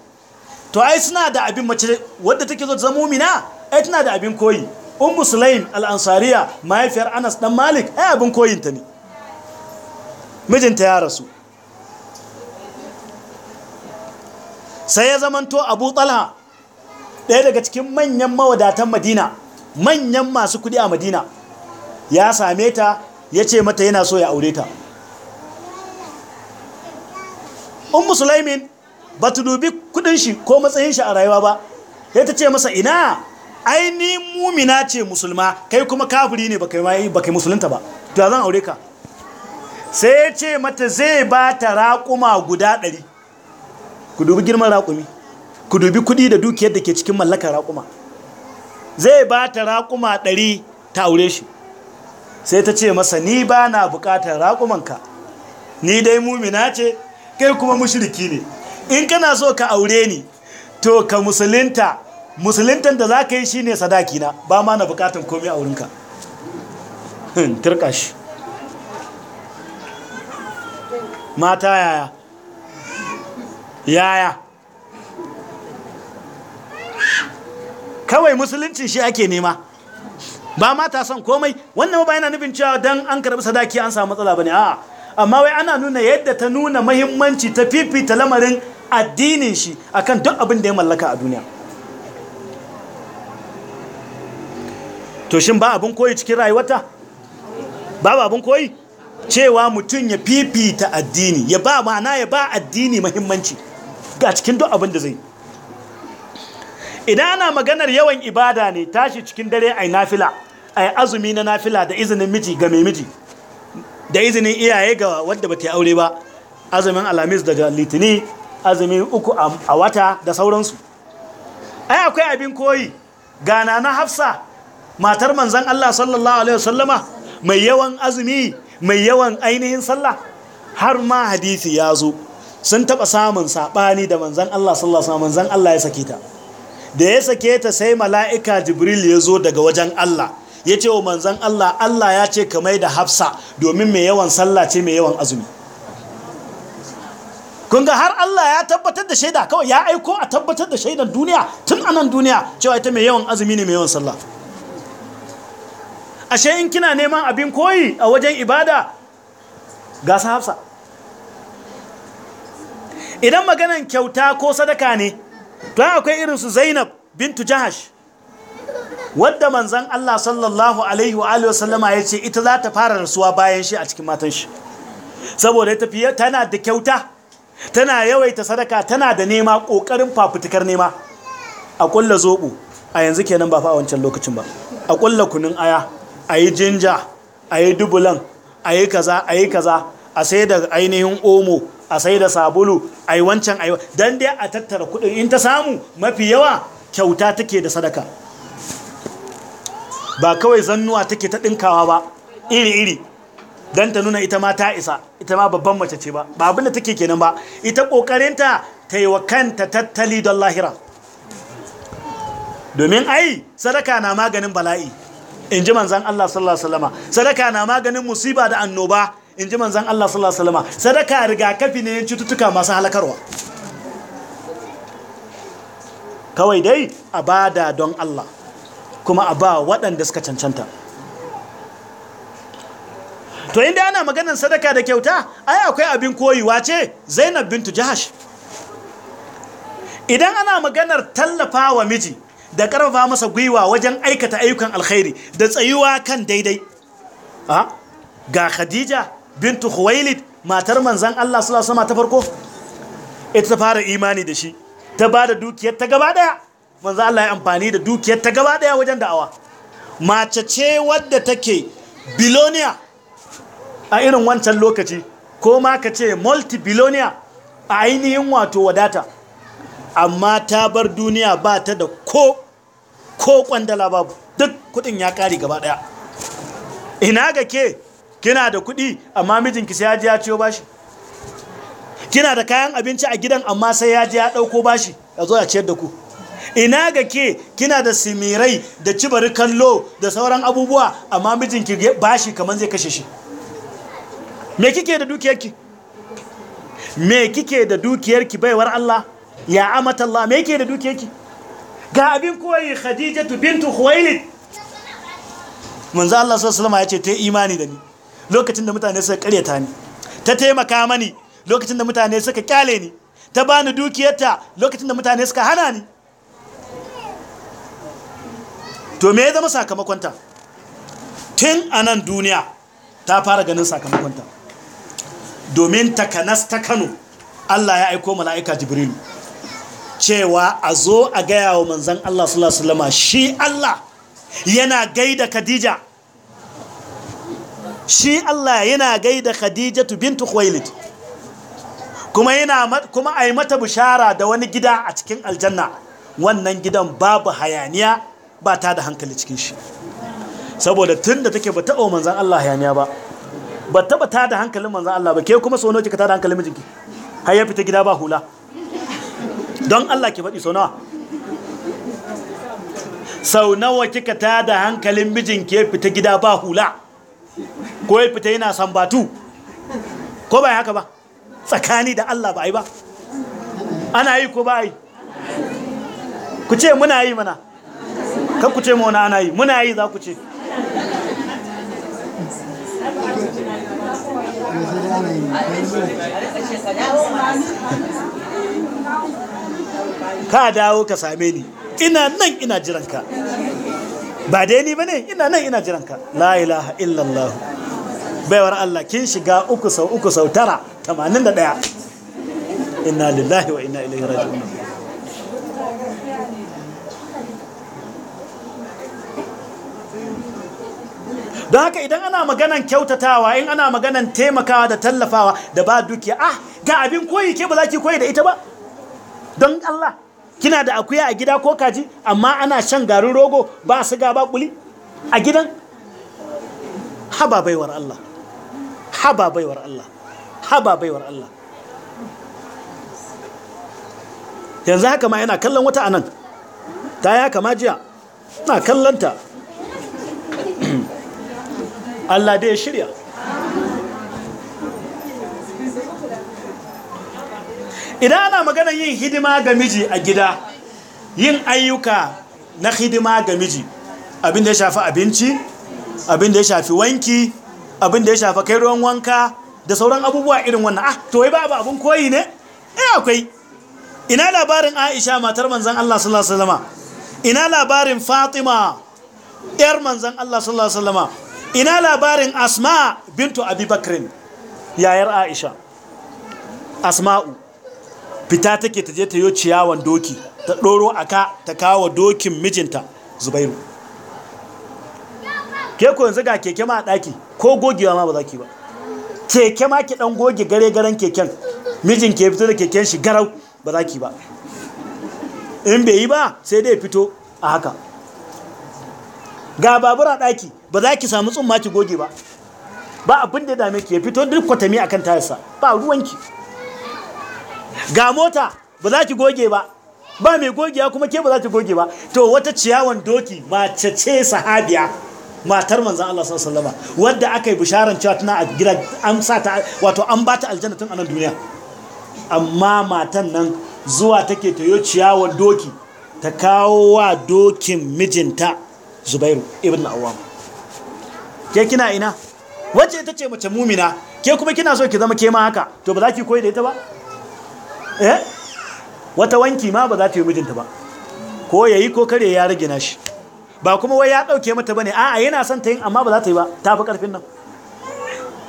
to ai suna da abin mace wadda take zo zama mumina ai tana da abin koyi ummu sulaim al-ansariya mahaifiyar anas dan malik ai abin koyin ta ne mijinta ya rasu sai ya zamanto abu talha ɗaya daga cikin manyan mawadatan madina manyan masu kudi a madina ya same ta ya ce mata yana so ya aure ta ummu sulaimin ba ta dubi kudin shi ko matsayin shi a rayuwa ba sai ta ce masa ina aini mumina ce musulma kai kuma kafiri ne baka kai musulunta ba to zan aure ka sai ya ce mata zai ba ta raƙuma guda ɗari ku dubi girman raƙumi ku dubi kuɗi da dukiyar da ke cikin mallakar raƙuma zai ba ta raƙuma ɗari ta aure shi sai ta ce masa ni ba na buƙatar raƙumanka ni dai mumina ce kai kuma mushiriki ne in kana so ka aure ni to ka musulinta musulintan da za ka yi shi ne sadakina ba ma na bukatan komi a wurinka turka shi mata yaya yaya kawai musuluncin shi ake nema ba mata son komai wannan ba yana nufin cewa don an karbi sadaki an samu matsala ba ne A amma wai ana nuna yadda ta nuna mahimmanci ta fifita lamarin addinin shi akan duk abin da ya mallaka a duniya to shin ba abin koyi cikin rayuwata ba abin koyi cewa mutum ya fifita addini ya ba mana ya ba addini mahimmanci ga cikin duk abin da zai idan ana maganar yawan ibada ne tashi cikin dare yi nafila ai azumi na nafila da izinin miji ga mai miji da izinin iyaye ga wadda bata aure ba azumin alamis daga litini azumi uku a wata da sauransu ai akwai abin koyi gana na hafsa matar manzan Allah sallallahu alaihi wasallama mai yawan azumi mai yawan ainihin sallah har ma hadisi ya zo sun taɓa samun saɓani da manzan Allah sallallahu alaihi manzan Allah ya sake ta da ya sake ta sai mala'ika jibril ya zo daga wajen Allah ya ce wa manzan Allah Allah ya ce ka mai da hafsa domin mai yawan sallah ce mai yawan azumi kun ga har Allah ya tabbatar da shaida kawai ya aiko a tabbatar da shaidar duniya tun anan duniya cewa ita mai yawan azumi ne mai yawan sallah ashe in kina neman abin koyi a wajen ibada ga sahabsa idan maganan kyauta ko sadaka ne to akwai irin su Zainab bintu Jahash wadda manzon Allah sallallahu alaihi wa alihi wasallama yace ita za ta fara rasuwa bayan shi a cikin matan shi saboda ita tana da kyauta tana yawaita sadaka tana da nema kokarin fafutukar nema a kulla zobo a yanzu kenan ba fa a wancan lokacin ba a kulla kunun aya a yi jinja a yi dubulan a yi kaza a yi kaza a sai da ainihin omo a sai da sabulu a yi wancan a yi don dai a tattara kuɗin in ta samu mafi yawa kyauta take da sadaka ba kawai zannuwa take ta ɗinkawa ba iri-iri don ta nuna ita ma ta isa ita ma babban mace ce ba ba abinda take kenan ba ita kokarinta ta yi wa kanta tattali don lahira domin ai sadaka na maganin bala'i in ji manzan Allah sallallahu alaihi wasallama sadaka na maganin musiba da annoba in ji manzan Allah sallallahu alaihi wasallama sadaka rigakafi ne cututtuka masu halakarwa kawai dai a bada don Allah kuma a ba waɗanda suka cancanta to inda ana maganar sadaka da kyauta ai akwai abin koyiwa ce zainab bintu jahash idan ana maganar tallafa wa miji da karfafa masa gwiwa wajen aikata ayyukan alkhairi da tsayuwa kan daidai ah, ga khadija bintu khuwailid matar manzan Allah sallallahu alaihi ta farko ita ta fara imani da shi ta bada dukiyar ta gaba daya manzan Allah ya amfani da dukiyar ta gaba daya wajen da'awa mace ce wadda take biloniya a irin wancan lokaci ko ma ka ce multibillionaire a ainihin wato wadata amma ta bar duniya ba ta da ko ko kwandala babu duk kudin ya kari gaba daya ina ga ke kina da kudi amma mijinki sai ya ji ya ciyo bashi kina da kayan abinci a gidan amma sai ya ji ya dauko bashi ya zo ya ciyar da ku ina ga ke kina da simirai da cibari kallo da sauran abubuwa amma mijinki bashi kamar zai kashe shi me kike da dukiyarki me kike da dukiyarki baiwar Allah ya amata Allah me kike da dukiyarki ga abin koyi khadijatu bintu khuwailid manzo Allah sallallahu alaihi ya ce ta imani da ni lokacin da mutane suka karyata ni ta taimaka mani lokacin da mutane suka kyale ni ta bani dukiyarta lokacin da mutane suka hana ni to me ya zama sakamakonta tun anan duniya ta fara ganin sakamakonta domin takanas ta kano Allah ya aiko mala'ika Jibril cewa a zo a gaya wa manzan Allah sallama shi Allah yana gaida Khadija shi Allah yana gaida Khadija bintu khwailid kuma a yi mata bishara da wani gida a cikin aljanna wannan gidan babu hayaniya ba ta da hankali cikin shi saboda tun tunda take ba ta'o manzan Allah hayaniya ba ba taba ta da hankalin manzan Allah ba ke kuma sono kika ta da hankalin mijinki har ya fita gida ba hula don Allah ke faɗi sonawa sau nawa kika ta da hankalin mijinki ya fita gida ba hula ko ya fita yana sambatu ko ba haka ba tsakani da Allah ba yi ba ana yi ko ba yi ku ce muna yi mana kan ku ce mana ana yi muna yi za ku ce ka dawo ka same ni ina nan ina jiranka ba dai ni bane ina nan ina jiranka la ilaha illallah baiwar Allah kin shiga uku sau uku sau tara 81 inna lillahi wa inna ilaihi raji'un don haka idan ana maganan kyautatawa in ana maganan taimakawa da tallafawa da ba dukiya ah ga abin koyi ke ba za ki koyi da ita ba don Allah kina da akuya a gida ko kaji amma ana shan garin rogo ba su ga ba kuli a gidan haba baiwar Allah haba baiwar Allah haba baiwar Allah yanzu haka ma yana kallon wata anan ta ya kama jiya na kallonta Allah dai ya shirya idan ana maganar yin hidima ga miji a gida yin ayyuka na hidima ga miji abin da ya shafi abinci abin da ya shafi wanki abin da ya shafi kai ruwan wanka da sauran abubuwa irin wannan ah to wai babu abin koyi ne eh akwai ina labarin Aisha matar manzan Allah sallallahu alaihi ina labarin Fatima yar manzan Allah sallallahu alaihi ina labarin asma bintu abubakrin yayar aisha asma'u fita take ta je ta yi ciyawan doki ta ɗoro aka ta kawo dokin mijinta zubairu ke yanzu ga keke ma a ɗaki ko gogewa ma ba za ki ba keke ma ki ɗan goge gare garen keken mijin ke fito da keken shi garau ba za ki ba in bai yi ba sai dai fito a haka ga babura ɗaki ba za ki samu tsumma ki goge ba ba abin da ya dame ki ya fito duk kwatami akan tayarsa ba ruwanki ga mota ba za ki goge ba ba mai goge kuma ke ba za ki goge ba to wata ciyawan doki mace ce sahabiya matar manzan Allah sallallahu alaihi wadda aka yi bisharan cewa tana a gida an sa ta wato an ba ta aljanna tun anan duniya amma matan nan zuwa take tayo ciyawan doki ta kawo wa dokin mijinta Zubairu ibn Awwam ke kina ina wacce ita ce mace mumina ke kuma kina so ki zama ke ma haka to ba za ki koyi da ita ba eh wata wanki ma ba za ta yi mijinta ba ko yayi ko kare ya rage nashi ba kuma wai ya dauke mata bane a'a yana son ta yin amma ba za ta yi ba ta fi karfin nan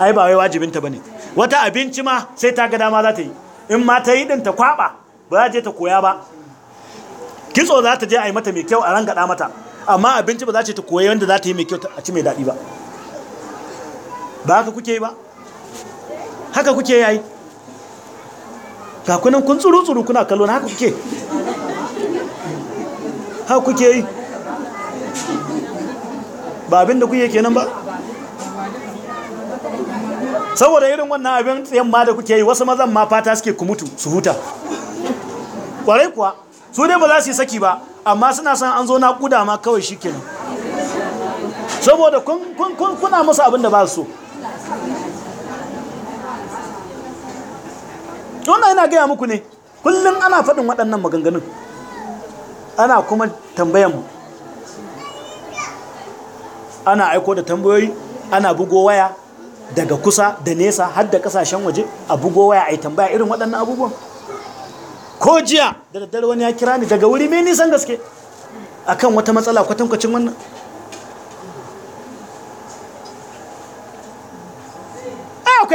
ai ba wai wajibinta bane wata abinci ma sai ta ga dama za ta yi in ma ta yi din ta kwaba ba za je ta koya ba kitso za ta je a yi mata mai kyau a da mata amma abinci ba za ta koyi wanda za ta yi mai kyau a ci mai daɗi ba ba haka kuke yi ba haka kuke yayi ga kunan kun tsuru-tsuru kuna kallo na haka kuke haka kuke yi ba abinda kuke kenan ba saboda irin wannan abin yamma da kuke yi wasu mazan ma fata suke kumutu su huta kwarai kuwa su dai ba za su yi saki ba amma suna san an zo na kuda ma kawai shi kenan saboda kuna musu abin da ba su so wannan yana gaya muku ne kullum ana faɗin waɗannan maganganun ana kuma tambayan mu ana aiko da tambayoyi ana bugo waya daga kusa da nesa har da kasashen waje a bugo waya a yi tambaya irin waɗannan abubuwan ko jiya da daddare wani ya kira ni daga wuri mai nisan gaske akan wata matsala kwatankwacin wannan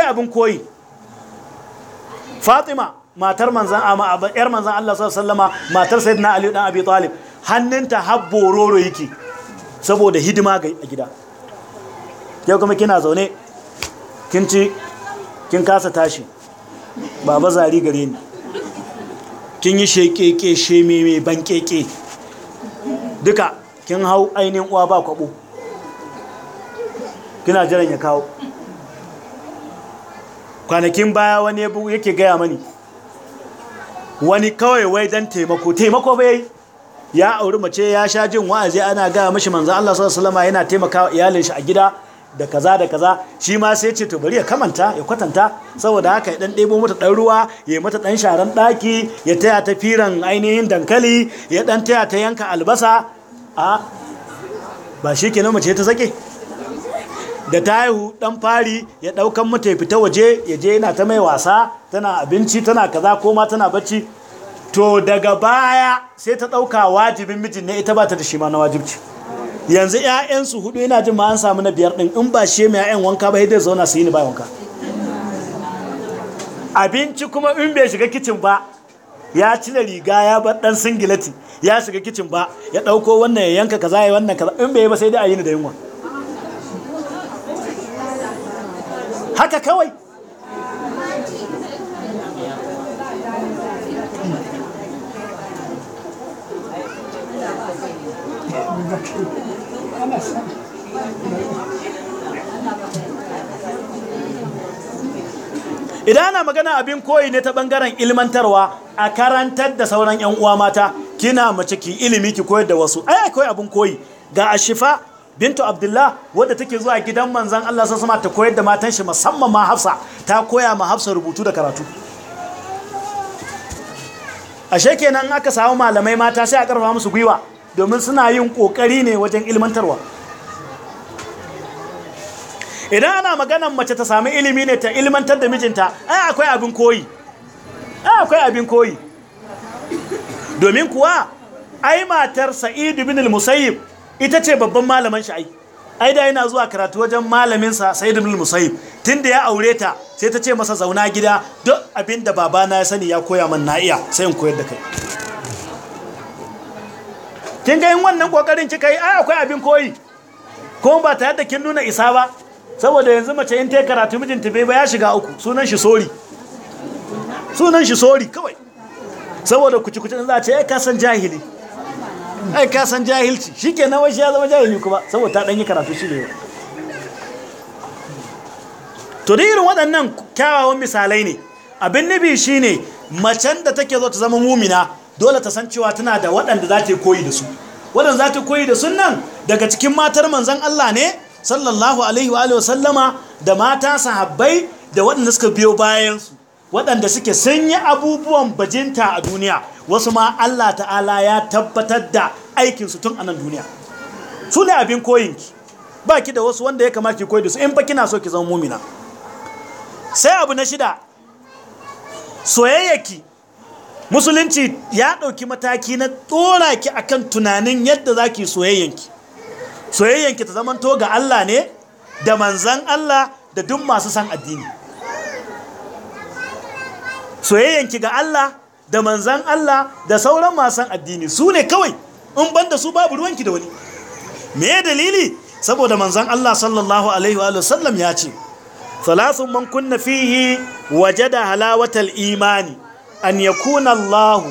akwai abin koyi fatima matar manzan amma yar manzan Allah sallama matar sayyidina Ali dan Abi Talib hannunta roro yake saboda hidima ga gida yau kuma kina zaune kin ci kin kasa tashi baba zari gare ni kin yi shekeke sheme mai bankeke duka kin hau ainihin uwa ba kwabo kina jiran ya kawo kwanakin baya wani ya yake gaya mani wani kawai wai dan taimako taimako bai ya auri mace ya sha jin wa'azi ana gaya mashi manzo Allah sallallahu alaihi yana taimaka iyalin shi a gida da kaza da kaza shi ma sai ce to bari ya kamanta ya kwatanta saboda haka ya dan ɗebo mata ɗan ruwa ya mata ɗan sharan ɗaki ya taya ta firan ainihin dankali ya dan taya ta yanka albasa a ba shi kenan mace ta sake da ta haihu dan fari ya daukan mata ya fita waje ya je yana ta mai wasa tana abinci tana kaza ko ma tana bacci to daga baya sai ta dauka wajibin mijin ne ita ba ta da shi ma na wajibci yanzu su hudu yana jin ma an samu na biyar din in ba shi mai ƴaƴan wanka ba sai zauna su yi ni ba wanka abinci kuma in bai shiga kicin ba ya ci da riga ya bar dan singileti ya shiga kicin ba ya dauko wannan ya yanka kaza ya wannan kaza in bai ba sai dai a yi ni da yunwa haka kawai idan ana magana abin koyi ne ta bangaren ilmantarwa a karantar da sauran 'yan uwa mata kina mace ki ilimi ki koyar da wasu ai akwai abin koyi ga ashifa bintu abdullah wadda take zuwa gidan manzan Allah sun sama ta koyar da matan shi musamman ma hafsa ta koya ma hafsa rubutu da karatu ashe kenan aka samu malamai mata sai a karfa musu gwiwa domin suna yin kokari ne wajen ilmantarwa idan ana maganan mace ta sami ilimi ne ta ilmantar da mijinta ai akwai abin koyi ai akwai abin koyi domin kuwa ai matar sa'id bin al-musayyib ita ce babban malaman shi ai ai da yana zuwa karatu wajen malaminsa sa'id ibn musayyib tunda ya aure ta sai ta ce masa zauna gida duk abin da babana ya sani ya koya man na sai in koyar da kai kin ga yin wannan kokarin kika yi ai akwai abin koyi ko ba ta da kin nuna isa ba saboda yanzu mace in ta karatu mijinta bai ba ya shiga uku sunan shi sori sunan shi sori kawai saboda kuci-kuci za a ce ya kasan jahili ai ka san jahilci nan wai ya zama jahili kuma saboda ta yi karatu shi ne to da irin waɗannan kyawawan misalai ne abin nabi ne macen da take zo ta zama mumina dole ta san cewa tana da waɗanda za ta koyi da su waɗanda za ta koyi da nan daga cikin matar manzan Allah ne sallallahu alaihi wa sallama da mata sahabbai da waɗanda suka biyo bayansu waɗanda suke sun abubuwan bajinta a duniya wasu ma Allah ta'ala ya tabbatar da aikinsu tun anan duniya su ne abin koyinki ba ki da wasu wanda ya kamar ki koyi da su in ba kina so ki zama mumina sai abu na shida soyayyaki musulunci ya ɗauki mataki na tsora ki kan tunanin yadda za ki soyayyanki soyayyanki ta zamanto ga Allah ne da manzan Allah da duk masu san addini soyayyanki ga Allah da manzan Allah da sauran masan addini su ne kawai in ban da su babu ruwanki da wani me dalili saboda manzan Allah sallallahu alaihi wa sallam ya ce salasun man kunna fihi da halawatal imani an yakuna Allah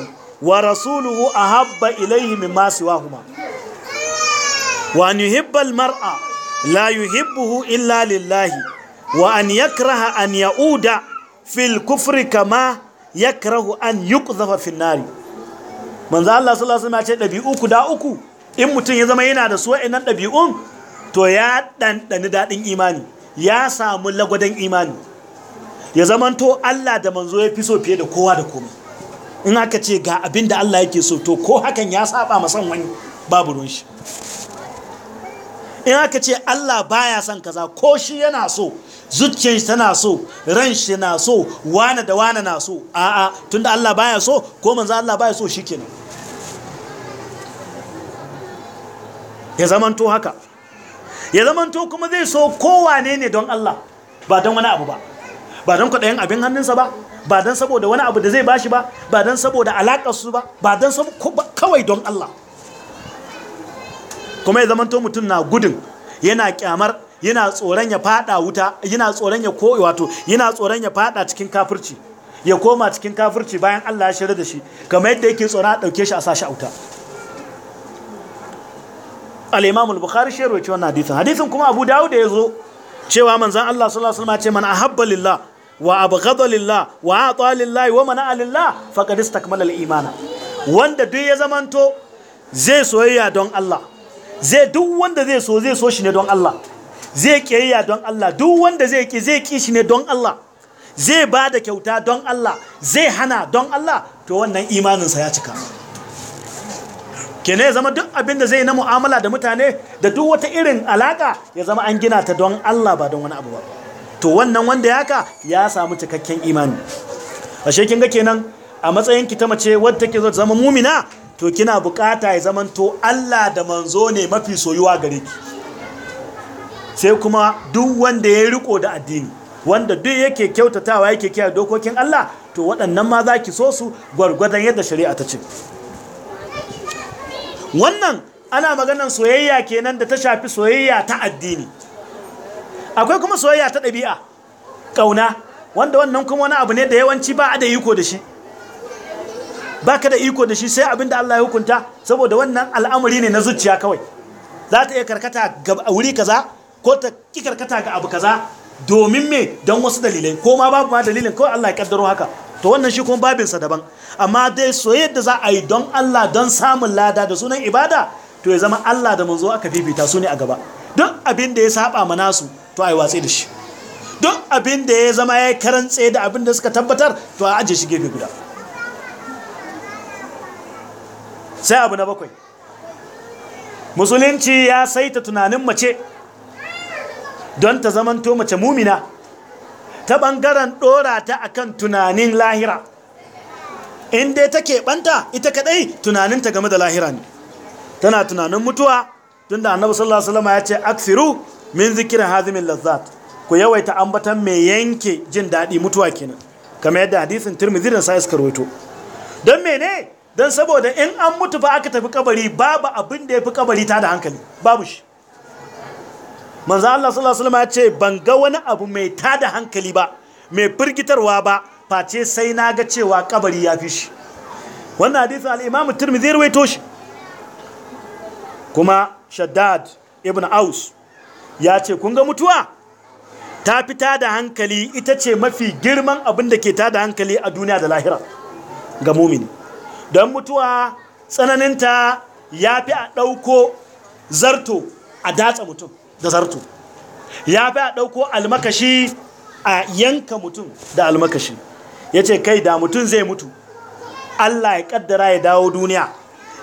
wa rasuluhu ahabba ilayhi mimma siwahuma wa an yuhibba al-mar'a la yuhibbuhu illa lillahi wa an yakraha an ya'uda fil kufri kama yakrahu an yuqzafa fin nari manzo Allah su lasu mace ya ce dabi'u guda uku in mutum ya zama yana da su wa'annan ɗabi'un to ya ɗanɗani daɗin imani ya samu lagwadon imani ya zamanto Allah da manzo ya fi so fiye da kowa da komai in aka ce ga abin da Allah yake so to ko hakan ya saba masan wani babu ruwan in aka ce Allah baya son kaza ko shi yana so zuciyar shi tana so ran shi na so wane da wane na so a'a tunda Allah baya so ko manzo Allah baya so shikenan ya zamanto haka ya zamanto kuma zai so kowane ne don Allah ba don wani abu ba ba don kwaɗayin abin hannunsa ba ba don saboda wani abu da zai bashi ba ba don saboda alaƙarsu ba ba don kawai don Allah kuma ya zamanto mutum na gudun yana kyamar yana tsoron ya fada wuta yana tsoron ya koyi wato yana tsoron ya fada cikin kafirci ya koma cikin kafirci bayan Allah ya shirya da shi kamar yadda yake tsoron a dauke shi a sashi a wuta al-Imam al-Bukhari shi rawaito wannan hadisin hadisin kuma Abu Dawud ya zo cewa manzon Allah sallallahu alaihi wasallam ce man ahabba lillah wa abghadha lillah wa ata lillah wa mana'a lillah faqad istakmala al-imana wanda duk ya zamanto zai soyayya don Allah zai duk wanda zai so zai so shi ne don Allah zai kiyayya don Allah duk wanda zai ki zai ki shi ne don Allah zai ba da kyauta don Allah zai hana don Allah to wannan imaninsa ya cika kene ya zama duk abin da zai na mu'amala da mutane da duk wata irin alaka ya zama an gina ta don Allah ba don wani abu ba to wannan wanda ya ka ya samu cikakken imani ashe kin ga kenan a matsayin ki ta mace wadda take zama mumina to kina bukata ya zamanto Allah da manzo ne mafi soyuwa gare ki sai kuma duk wanda ya riko da addini wanda duk yake kyautatawa yake kiyaye dokokin Allah to waɗannan ma za ki so su gwargwadon yadda shari'a ta ce wannan ana maganan soyayya kenan da ta shafi soyayya ta addini akwai kuma soyayya ta ɗabi'a ƙauna wanda wannan kuma wani abu ne da yawanci ba a da yiko da shi baka da iko da shi sai abin da Allah ya hukunta saboda wannan al'amari ne na zuciya kawai za ta iya karkata ga wuri kaza ko ta ki karkata ga abu kaza domin me don wasu dalilai ko ma babu ma dalilin kawai Allah ya kaddaro haka to wannan shi kuma babinsa daban amma dai soyayyar da za a yi don Allah don samun lada da sunan ibada to ya zama Allah da manzo aka bibita su ne a gaba duk abin da ya saba ma nasu to ai watsi da shi duk abin da ya zama ya karantse da abin da suka tabbatar to a aje shi gefe guda sai abu na bakwai musulunci ya saita tunanin mace don ta zamanto mace mumina ta ɓangaren ɗora ta akan tunanin lahira in dai take ɓanta ita kaɗai tunaninta game da lahira ne tana tunanin mutuwa tun da annabu sallallahu alaihi ya ce aksiru min zikirin hazimin lazzat ku yawaita ambatan mai yanke jin daɗi mutuwa kenan kamar yadda hadisin turmi da sa suka don mene don saboda in an mutu ba aka tafi kabari babu abin da ya fi kabari ta da hankali babu shi manzan Allah sallallahu alaihi wasallam ya ce ban ga wani abu mai ta da hankali ba mai firgitarwa ba face sai na ga cewa kabari ya fi shi wannan hadisi al'imamu imam Tirmidhi rawaito shi kuma Shaddad ibn Aus ya ce kun ga mutuwa ta fi ta da hankali ita ce mafi girman abin da ke ta da hankali a duniya da lahira ga mumini don mutuwa tsananinta ya fi a ɗauko zarto a datsa mutum da zarto ya fi a ɗauko almakashi a yanka mutum da almakashi ya ce kai da mutum zai mutu Allah ya kaddara ya dawo duniya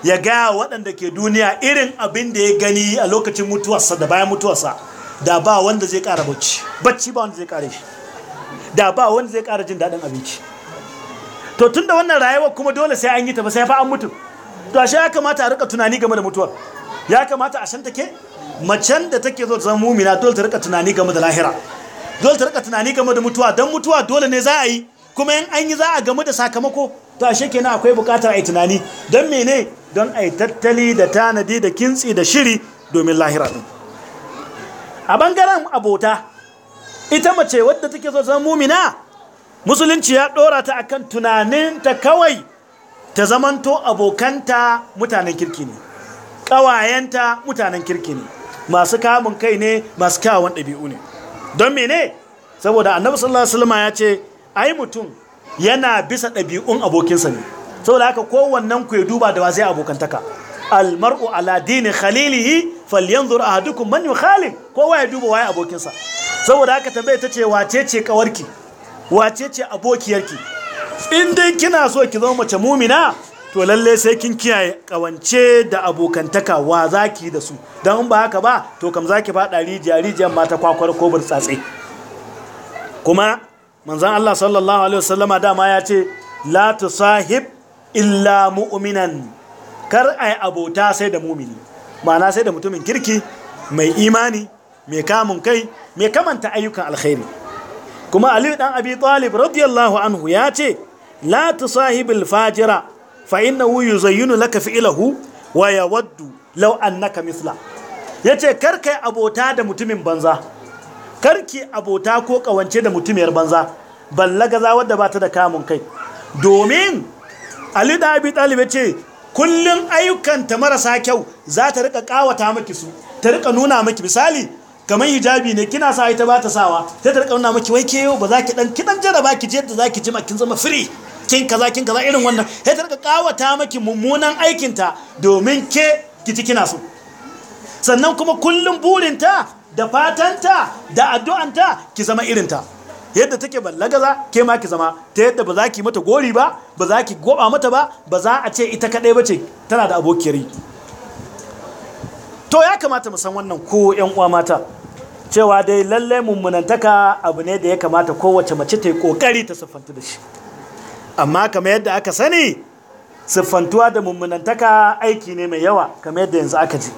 ya gaya waɗanda ke duniya irin abin da ya gani a lokacin mutuwarsa da bayan mutuwarsa da ba wanda zai ƙara bacci bacci ba wanda zai ƙara shi da ba wanda zai ƙara jin daɗin abinci to tun da wannan rayuwar kuma dole sai an yi ta ba sai fa an mutu to ashe ya kamata a rika tunani game da mutuwar ya kamata a san take macen da take zo ta zama mumina dole ta rika tunani game da lahira dole ta rika tunani game da mutuwa don mutuwa dole ne za a yi kuma in an yi za a gamu da sakamako to ashe kenan akwai bukatar a yi tunani don mene don a yi tattali da tanadi da kintsi da shiri domin lahira din a bangaren abota ita mace wadda take zo zama mumina musulunci ya ɗora ta kan tunaninta kawai ta zamanto abokanta mutanen kirki ne ƙawayenta mutanen kirki ne masu kamun kai ne masu kawon ɗabi'u ne don mene saboda annabi sallallahu alaihi wasallam ya ce ai mutum yana bisa ɗabi'un abokinsa ne saboda haka kowannen ku ya duba da wa zai abokantaka almar'u ala dini khalilihi falyanzur ahadukum man yukhalil kowa ya duba waye abokinsa saboda haka tambaye ta ce wace ce kawarki wace ce abokiyarki in dai kina so ki zama mace mumina to lalle sai kin kiyaye kawance da abokantaka wa zaki da su don ba haka ba to kam zaki faɗa rijiya rijiyar mata kwakwar ko burtsatse kuma manzan Allah sallallahu alaihi wasallama dama ya ce la tusahib illa mu'minan kar ai abota sai da mumini ma'ana sai da mutumin kirki mai imani mai kamun kai mai kamanta ayyukan alkhairi kuma alil dan abi talib radiyallahu anhu ya ce la tusahibul fajira fa innahu yuzayyinu laka fi'lahu wa yawaddu law annaka mithla yace kar kai abota da mutumin banza karki abota ko kawance da mutumiyar banza za wadda ba ta da kamun kai domin ali da abi talib ce kullum ayyukanta marasa kyau za ta rika kawata miki su ta rika nuna miki misali kamar hijabi ne kina sa ita ba ta sawa sai ta kauna maki wai ke yau ba za ki dan kidan jaraba ki je da za ki ji kin zama free kin kaza kin kaza irin wannan sai ta rika kawata maki mummunan aikin ta domin ke ki ci kina so sannan kuma kullum ta da fatanta da addu'an ta ki zama irinta yadda take ballagaza ke ma ki zama ta yadda ba za ki mata gori ba ba za ki goba mata ba ba za a ce ita kadai ba ce tana da abokiyar to ya kamata mu san wannan ko 'yan uwa mata cewa dai lalle mummunantaka abu ne da ya kamata kowace mace ta yi kokari ta siffantu da shi amma kamar yadda aka sani siffantuwa da mummunantaka aiki ne mai yawa kamar yadda yanzu aka ji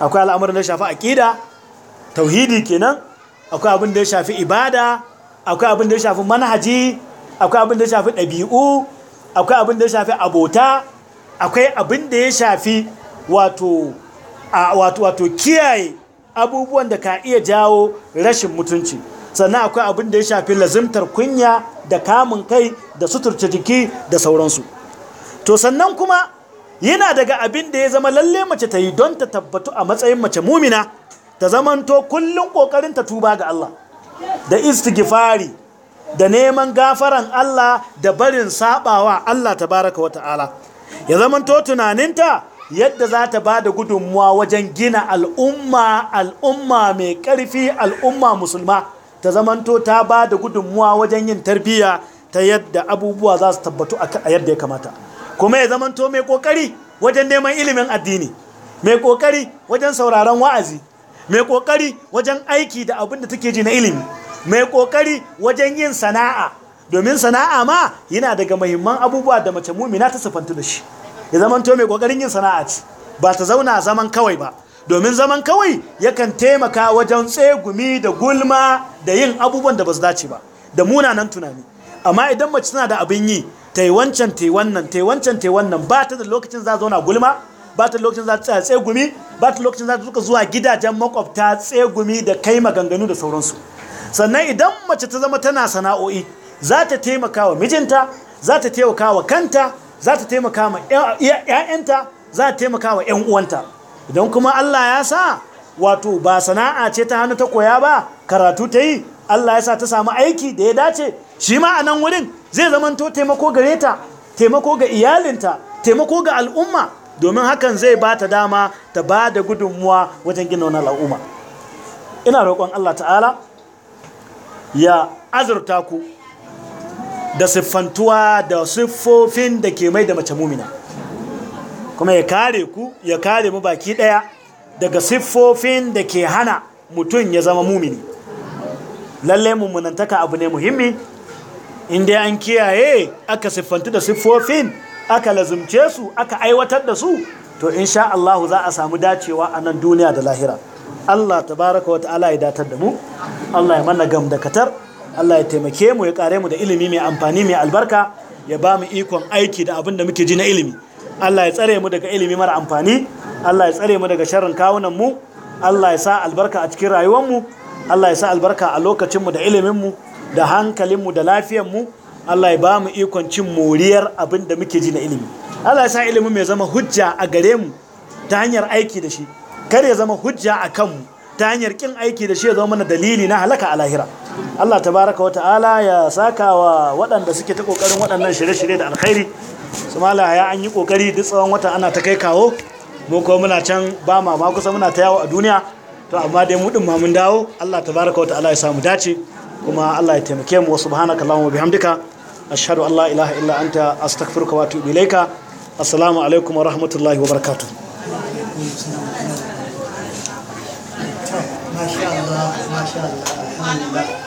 akwai al'amuran da shafi aƙida tauhidi kenan akwai abin da ya shafi ibada akwai abin da ya shafi manhaji akwai abin da ya shafi ɗabi'u akwai abin da ya shafi abota akwai abin da ya shafi wato wato kiyaye abubuwan da ka iya jawo rashin mutunci sannan akwai abin da ya shafi lazimtar kunya da kamun kai da suturce jiki da sauransu to sannan kuma yana daga abin da ya zama lalle mace ta yi don ta tabbatu a matsayin mace mumina ta zamanto kullum ƙoƙarin ta tuba ga Allah da istighfari da neman gafaran Allah da barin sabawa Allah tabaraka wa ta'ala ya zamanto tunaninta yadda za ta ba da gudunmuwa wajen gina al'umma al'umma mai ƙarfi al'umma musulma ta zamanto ta ba da gudunmuwa wajen yin tarbiyya ta yadda abubuwa za su tabbatu a yadda ya kamata kuma ya zamanto mai ƙoƙari wajen neman ilimin addini mai ƙoƙari wajen sauraron wa'azi mai ƙoƙari wajen aiki da abin da take ji na ilimi mai ƙoƙari wajen yin sana'a domin sana'a ma yana daga mahimman abubuwa da mace mumina ta sifantu da shi ya zama to mai kokarin yin sana'a ce ba ta zauna zaman kawai ba domin zaman kawai yakan taimaka wajen tsegumi da gulma da yin abubuwan da ba su dace ba da munanan tunani amma idan mace tana da abin yi ta yi wancan ta yi wannan ta yi wancan ta yi wannan ba ta da lokacin za zauna gulma ba ta lokacin za ta tsegumi ba ta lokacin za ta zuka zuwa gidajen makwabta tsegumi da kai maganganu da sauransu sannan idan mace ta zama tana sana'o'i za ta taimaka wa mijinta za ta taimaka wa kanta za ta taimaka ma ‘ya'yanta za ta taimaka wa ‘yan uwanta idan kuma Allah ya sa wato ba sana'a ce ta hannu ta koya ba karatu ta yi Allah ya sa ta samu aiki da ya dace shi ma a nan wurin zai zamanto taimako gare ta taimako ga iyalinta taimako ga al'umma domin hakan zai ba ta dama ta ba da gudunmuwa wajen gina wani al'umma ina roƙon Allah ta'ala ya azurta ku da siffantuwa da siffofin da ke mai da mace mumina kuma ya kare ku ya kare mu baki daya daga siffofin da ke hana mutum ya zama mumini lalle mummunantaka abu ne muhimmi inda an kiyaye aka siffantu da siffofin aka lazumce su aka aiwatar da su to insha Allah za a samu dacewa a nan duniya da lahira Allah tabaraka wa ta'ala ya datar da mu Allah ya mana gam da katar Allah ya taimake mu ya kare mu da ilimi mai amfani mai albarka ya ba mu ikon aiki da abin da muke ji na ilimi Allah ya tsare mu daga ilimi mara amfani Allah ya tsare mu daga sharrin kawunan mu Allah ya sa albarka a cikin rayuwar mu Allah ya sa albarka a lokacin mu da ilimin mu da hankalin mu da lafiyar mu Allah ya ba mu ikon cin moriyar abin da muke ji na ilimi Allah ya sa ilimin mai zama hujja a gare mu ta hanyar aiki da shi kar ya zama hujja a kanmu ta hanyar kin aiki da shi ya zama mana dalili na halaka a lahira Allah tabaraka wa ta'ala ya saka wa waɗanda suke ta kokarin waɗannan shirye-shirye da alkhairi su ya an yi kokari duk tsawon wata ana ta kai kawo mu ko muna can ba ma ma kusa muna ta yawo a duniya to amma dai mu ɗin ma mun dawo Allah tabaraka wa ta'ala ya samu dace kuma Allah ya taimake mu wa subhanaka allahumma bihamdika ashhadu an la ilaha illa anta astaghfiruka wa atubu ilaika assalamu alaikum wa rahmatullahi wa barakatuh ما شاء الله ما شاء الله الحمد لله